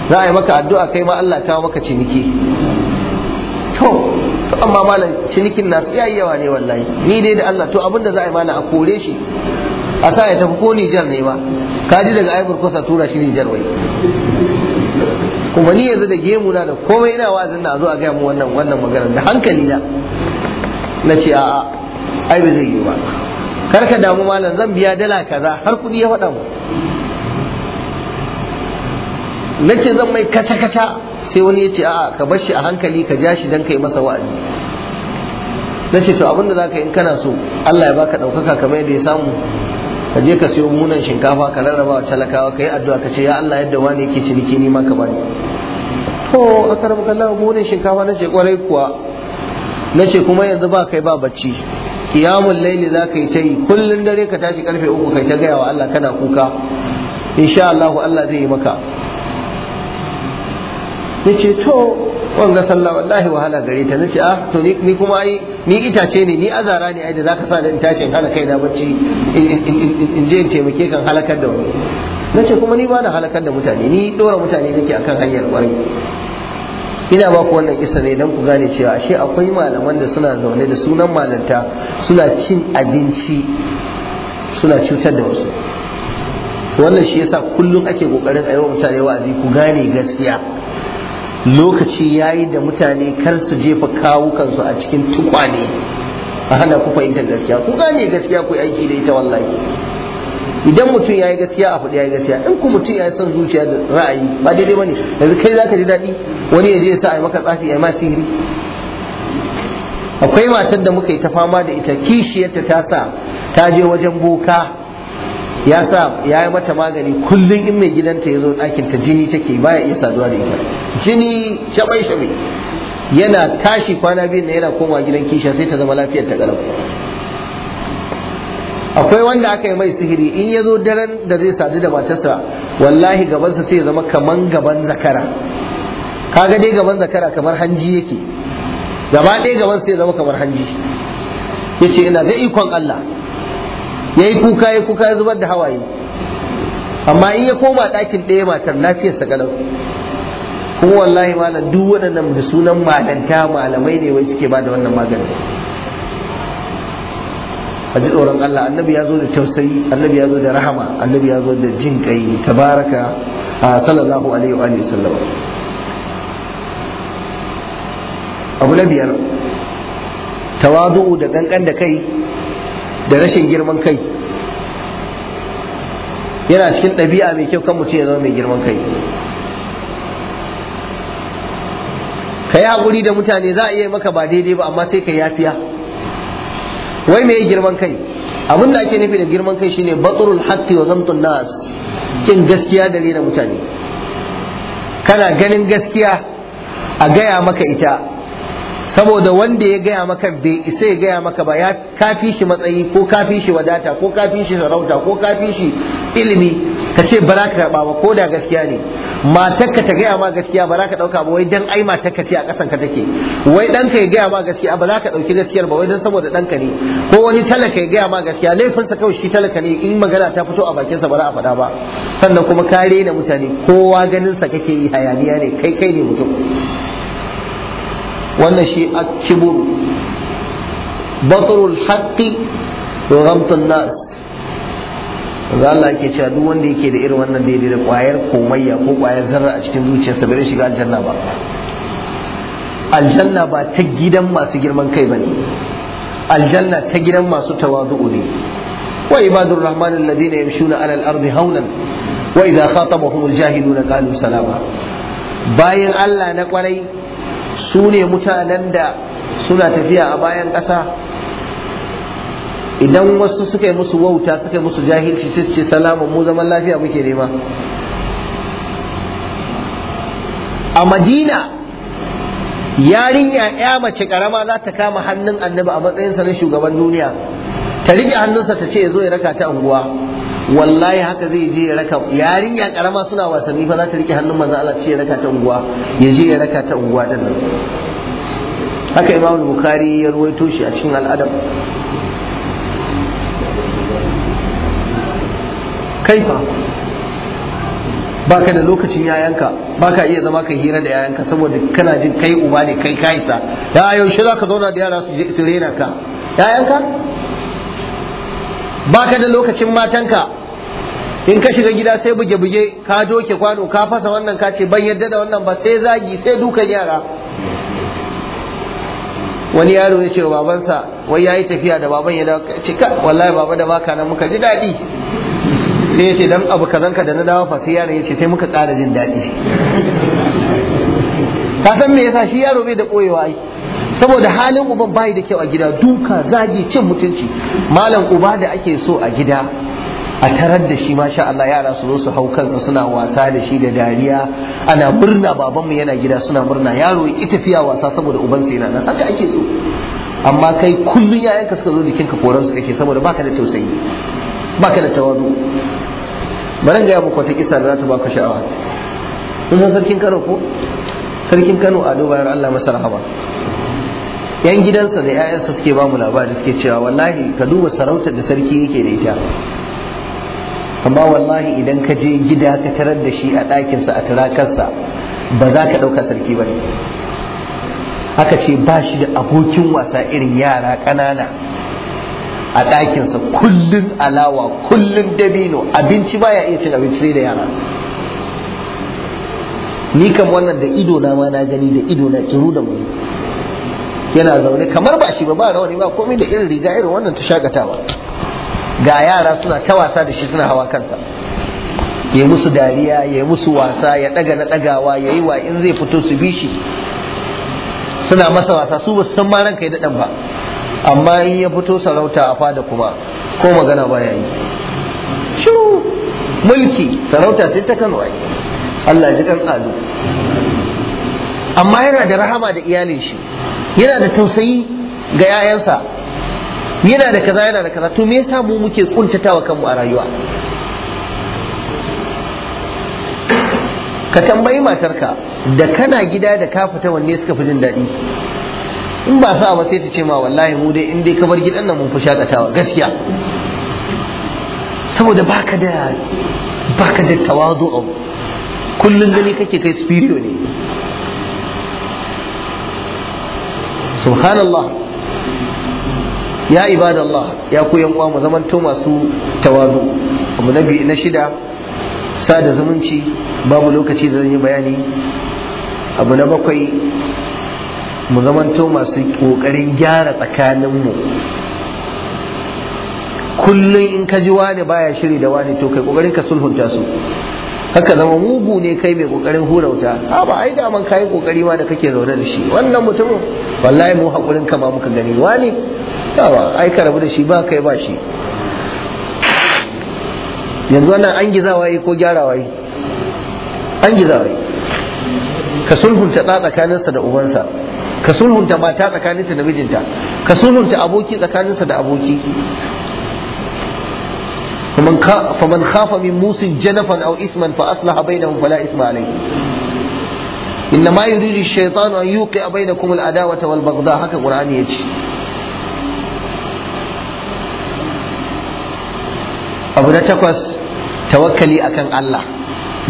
za a yi maka addu'a kai ma Allah ta maka ciniki to to amma malam cinikin nasu yayi yawa ne wallahi ni dai da Allah to abin da za a yi mana a kore shi a sa ya tafi ko Nijar ne ba ka ji daga Ivory kusa tura shi Nijar wai kuma ni yanzu da gemu na da komai ina wazin na zo a gaya mu wannan wannan magana da hankali na na ce a'a ai ba zai yi ba kar ka damu malam zan biya dala kaza har kuɗi ya faɗa mu na ce zan mai kaca kaca sai wani ya ce a'a ka bar shi a hankali ka ja shi dan kai masa wa'azi na ce to abinda zaka yi in kana so Allah ya baka ɗaukaka kamar yadda ya samu ka je ka siyo munan shinkafa ka rarraba wa talakawa ka yi addu'a ka ce ya Allah yadda wani yake ciniki ni ma ka bani to akaram kallah munan shinkafa na ce kwarai kuwa na ce kuma yanzu ba kai ba bacci kiyamun laili za ka yi ta yi kullum dare ka tashi karfe uku kai ta gaya wa Allah kana kuka insha Allah Allah zai yi maka ya wanga sallah wallahi wahala gare ta nace ah to ni kuma ai ni itace ne ni azara ne ai da zaka sa da in tashin hana kai da bacci in je in taimake kan halakar da wani nace kuma ni ba na halakar da mutane ni dora mutane nake akan hanyar kwarai ina ba ku wannan kisa ne don ku gane cewa ashe akwai malaman da suna zaune da sunan malanta suna cin abinci suna cutar da wasu wannan shi yasa kullum ake kokarin a yi wa mutane wa'azi ku gane gaskiya lokaci ya yi da mutane kar su jefa kawukansu a cikin tukwane a hana ku fahimtar gaskiya ku gane gaskiya ku aiki da ita wallahi idan mutum ya yi gaskiya a faɗi ya yi gaskiya in ku mutum ya yi son zuciya da ra'ayi ba daidai ba ne yanzu kai za ka ji daɗi wani ya je ya sa a yi maka tsafi a yi ma sihiri akwai matan da muka yi ta fama da ita kishiyarta ta sa ta je wajen boka ya sa ya yi mata magani kullum in mai gidanta ya zo ɗakin ta jini take baya iya saduwa da ita jini shabai shabai yana tashi kwana biyu na yana koma gidan kisha sai ta zama lafiyar ta galau akwai wanda aka yi mai sihiri in ya zo daren da zai sadu da matarsa wallahi gabansa sai ya zama kaman gaban zakara kaga dai gaban zakara kamar hanji yake gaba ɗaya gaban sai ya zama kamar hanji yace ina ga ikon Allah yayi kuka ya kuka ya zubar da hawaye amma in ya koma ɗakin ɗaya matar lafiyar sa galau kuma wallahi malam duk waɗannan da sunan malanta malamai ne wai suke bada wannan magani a ji tsoron Allah annabi ya zo da tausayi annabi ya zo da rahama annabi ya zo da jin kai tabaraka sallallahu alaihi wa sallam abu na biyar tawazu'u da kankan da kai da rashin girman kai yana cikin ɗabi'a mai kyau kan mutum ya zama mai girman kai ka yi haƙuri da mutane za a iya maka ba daidai ba amma sai ka yafiya wai mai girman kai abin da ake nufi da girman kai shine batsurul haqqi wa zamtun nas kin gaskiya da rena mutane kana ganin gaskiya a gaya maka ita saboda wanda ya gaya maka bai isa ya gaya maka ba ya kafi shi matsayi ko kafi shi wadata ko kafi shi sarauta ko kafi shi ilimi ka ce ba za ka karɓa ba ko da gaskiya ne matarka ta gaya ma gaskiya ba ka ɗauka ba wai dan ai matarka ce a ƙasan ka take wai ɗanka ya gaya ma gaskiya ba za ka ɗauki gaskiyar ba wai dan saboda ɗanka ne ko wani talaka ya gaya ma gaskiya laifinsa kawai shi talaka ne in magana ta fito a bakin sa ba za a faɗa ba sannan kuma ka rena mutane kowa ganin sa kake yi hayaniya ne kai kai ne mutum wannan shi akiburu batrul haqqi wa ramtun nas za Allah yake cewa duk wanda yake da irin wannan daidai da kwayar komayya ko kwayar zarra a cikin zuciyarsa bai shiga aljanna ba aljanna ba ta gidan masu girman kai ne. aljanna ta gidan masu tawazu'u ne wa ibadur rahman alladhina yamshuna ala al-ardi haunan wa idha khatabahum al-jahiluna qalu salama bayan Allah na kwarai su ne mutanen da suna tafiya a bayan ƙasa idan wasu suka yi musu wauta suka yi musu jahilci sai su ce salama mu zaman lafiya muke nema a madina yarinya ya mace karama za ta kama hannun annabi a matsayinsa na shugaban duniya ta rike hannunsa ta ce ya zo ya raka ta unguwa wallahi haka zai je ya raka yarinya karama suna wasanni fa za ta rike hannun manzo Allah ce ya raka ta unguwa ya je ya raka ta unguwa din nan haka Imam Bukhari ya ruwaito shi a cikin al'adab kaifa baka da lokacin yayanka baka iya zama ka hira da yayanka saboda kana jin kai uba ne kai kaisa ya yaushe za ka zauna da yara su rena ka yayanka baka da lokacin matanka in ka shiga gida sai buge-buge ka doke kwano ka fasa wannan ka ce ban yadda da wannan ba sai zagi sai dukan yara wani yaro ya ce wa babansa wai ya yi tafiya da baban ya dawo ce ka wallahi baba da baka nan muka ji daɗi sai ya ce dan abu kazanka da na dawo fa sai yaron ya ce sai muka ƙara jin daɗi ka san me yasa shi yaro bai da koyewa ai saboda halin uban bayi da kyau a gida duka zagi cin mutunci malam uba da ake so a gida a tarar da shi masha Allah yara su zo su hau kansa suna wasa da shi da dariya ana murna babanmu yana gida suna murna yaro ya tafiya wasa saboda ubansa yana nan haka ake so amma kai kullun yayanka suka zo jikinka koransu kake saboda baka da tausayi baka da tawazu baran ga muku wata kisa da za ta baka sha'awa kun san sarkin Kano ko sarkin Kano a bayan Allah masa rahama yan gidansa da 'ya'yansa suke ba mu labari suke cewa wallahi ka duba sarautar da sarki yake da ita amma wallahi idan ka je gida ka tarar da shi a ɗakinsa a turakarsa ba za ka ɗauka sarki ba ne aka ce ba shi da abokin wasa irin yara ƙanana a ɗakinsa kullum alawa kullum dabino abinci baya iya cin abinci sai da yara ni kam wannan da ido na ma na gani da ido na kiru da mu yana zaune kamar ba shi ba ba rawani ba komai da irin riga irin wannan ta shagatawa ga yara suna ta wasa da shi suna hawa kansa ya musu dariya ya musu wasa ya daga na dagawa ya yi wa in zai fito su bi shi suna masa wasa su ba su san ma kai da daɗan ba amma in ya fito sarauta a fada kuma ko magana ba ya yi mulki sarauta sai ta kano Allah ji kan tsado amma yana da rahama da iyalin shi yana da tausayi ga 'ya'yansa yana da kaza yana da kaza to me yasa mu muke kuntatawa kanmu a rayuwa ka tambayi matarka da kana gida da ka fita wanne suka fi jin daɗi in ba sa ba sai ta ce ma wallahi mu dai in dai ka bar gidan nan mun fi shakatawa gaskiya saboda baka da baka da tawazu kullun gani kake kai spiriyo ne subhanallah ya ibadallah ya ku yan uwa mu zamanto masu tawazu abu na biyu na shida sada zumunci babu lokaci da zan yi bayani abu na bakwai mu zamanto masu ƙoƙarin gyara tsakanin mu kullum in ka ji wani baya shiri da wani to kai ƙoƙarin ka sulhunta su haka zama mugu ne kai mai kokarin hura wuta a ba ai da man kai kokari ma da kake zaune da shi wannan mutumin wallahi mu hakurin ka ba muka gani wani ba ai ka rabu da shi ba kai ba shi yanzu wannan an giza yi ko gyara yi? an giza yi. ka sulhunta ɗa tsakaninsa da ubansa ka sulhunta mata tsakaninta da mijinta ka sulhunta aboki tsakaninsa da aboki فمن فمن خاف من موس جنفا او اثما فاصلح بينهم فلا اثم عليه انما يريد الشيطان ان يوقع بينكم العداوه والبغضاء هكا القران يجي abu na takwas tawakkali akan Allah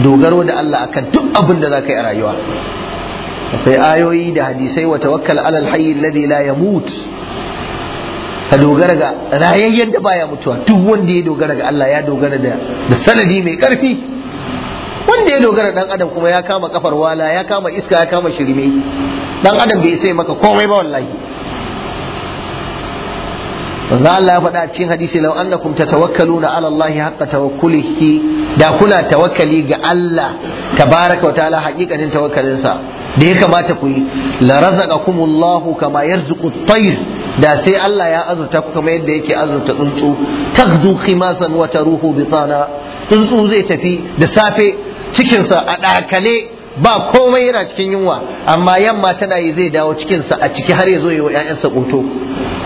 dogaro da Allah akan duk abin da za yi a rayuwa akwai ayoyi da hadisai wa tawakkal alal hayy alladhi la yamut ka dogara ga rayayyen da baya mutuwa duk wanda ya dogara ga Allah ya dogara da da sanadi mai karfi wanda ya dogara dan adam kuma ya kama kafar wala ya kama iska ya kama shirme dan adam bai sai maka komai ba wallahi manzo Allah ya faɗa a cikin hadisi law annakum tatawakkaluna ala Allah haqqa tawakkulihi da kuna tawakkali ga Allah tabaraka wa ta'ala haƙiƙanin tawakkalin sa da ya kamata ku yi la razaqakumullahu kama yarzuqu tayr da sai Allah ya azurta ku kamar yadda yake azurta tsuntsu takdu khimasan wa taruhu bitana tsuntsu zai tafi da safe cikinsa a dakale ba komai yana cikin yunwa amma yamma tana yi zai dawo cikinsa a ciki har ya zo yawa ƴaƴansa ƙoto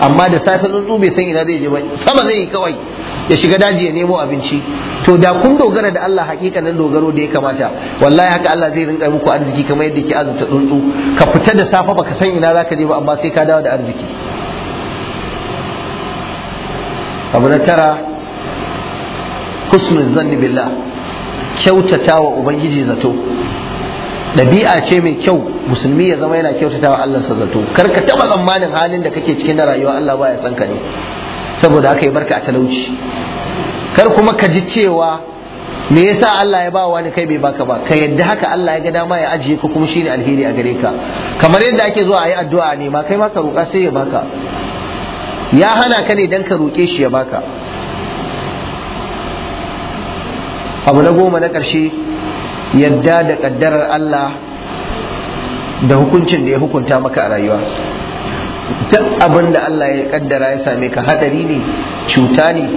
amma da safe tsuntsu bai san ina zai je ba sama zai yi kawai ya shiga daji ya nemo abinci to da kun dogara da Allah nan dogaro da ya kamata wallahi haka Allah zai rinka muku arziki kamar yadda ke azurta tsuntsu ka fita da safe baka san ina zaka je ba amma sai ka dawo da arziki abu na tara husnul zanni billah kyautata wa ubangiji zato ɗabi'a ce mai kyau musulmi ya zama yana kyautata wa Allah sa zato kar ka taɓa tsammanin halin da kake cikin da rayuwa Allah ba ya san ka ne saboda haka ya barka a talauci kar kuma ka ji cewa me yasa Allah ya ba wani kai bai baka ba ka yadda haka Allah ya ga dama ya ajiye ka kuma shi ne alheri a gare ka kamar yadda ake zuwa ayi addu'a ne ma kai ma ka roƙa sai ya baka ya hana ka ne dan ka roƙe shi ya baka abu na goma na ƙarshe yadda da ƙaddarar Allah da hukuncin da ya hukunta maka a rayuwa duk abin da Allah ya ƙaddara ya same ka hadari ne cuta ne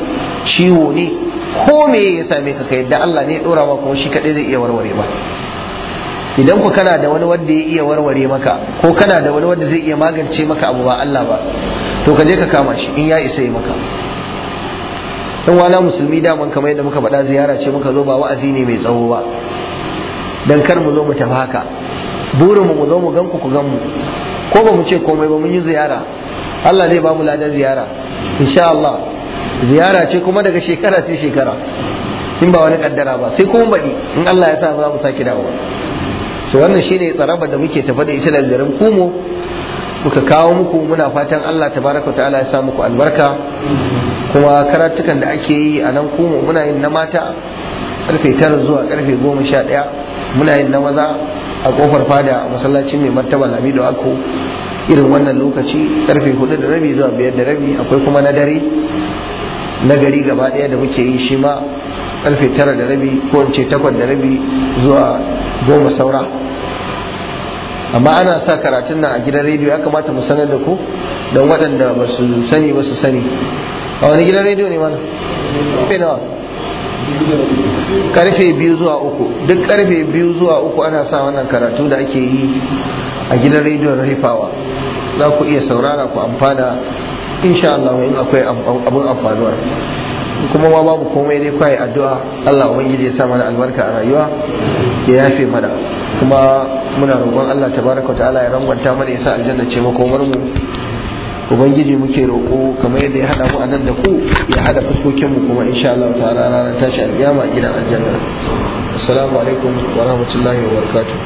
ciwo ne ko me ya same ka ka yadda Allah ne ya ɗora ma kuma shi kaɗai zai iya warware ba idan ku kana da wani wanda ya iya warware maka ko kana da wani wanda zai iya magance maka abu ba Allah ba to ka je ka kama shi in ya isa yi maka dan wala musulmi daman kamar yadda muka faɗa ziyara ce muka zo ba wa'azi ne mai tsawo ba dan kar mu zo mu tafi haka burin mu zo mu gan ku ku gan mu ko ba mu ce komai ba mun yi ziyara Allah zai ba mu ladan ziyara insha Allah ziyara ce kuma daga shekara sai shekara in ba wani kaddara ba sai kuma baɗi in Allah ya sa za mu sake dawowa to wannan shi shine tsaraba da muke tafa da ita da garin Kumo muka kawo muku muna fatan Allah tabaraka ta'ala ya sa muku albarka kuma karatukan da ake yi a nan kuma muna yin na mata karfe tara zuwa karfe goma sha ɗaya muna yin na maza a kofar fada a masallacin mai martaba lamido ako irin wannan lokaci karfe hudu da rabi zuwa biyar da rabi akwai kuma na dare na gari gaba ɗaya da muke yi shi ma karfe tara da rabi ko in ce takwas da rabi zuwa goma saura amma ana sa karatun nan a gidan rediyo ya kamata mu sanar da ku don waɗanda ba su sani ba su sani a wani gidan rediyo ne mana nawa karfe biyu zuwa uku duk karfe biyu zuwa uku ana sa wannan karatu da ake yi a gidan rediyon rifawa za ku iya saurara ku amfana insha Allah in akwai abun amfanuwar kuma ma babu komai dai kwaye addu'a Allah ubangiji ya sa mana albarka a rayuwa ya yafe mana kuma muna roƙon Allah tabaraka ta'ala ya rangwanta mana ya sa aljanna ce makomar mu ubangiji muke roƙo kamar yadda ya hada mu anan da ku ya haɗa mu kuma insha Allah ta'ala ranar tashi alƙiyama a gidan aljanna assalamu alaikum wa rahmatullahi wa barakatuh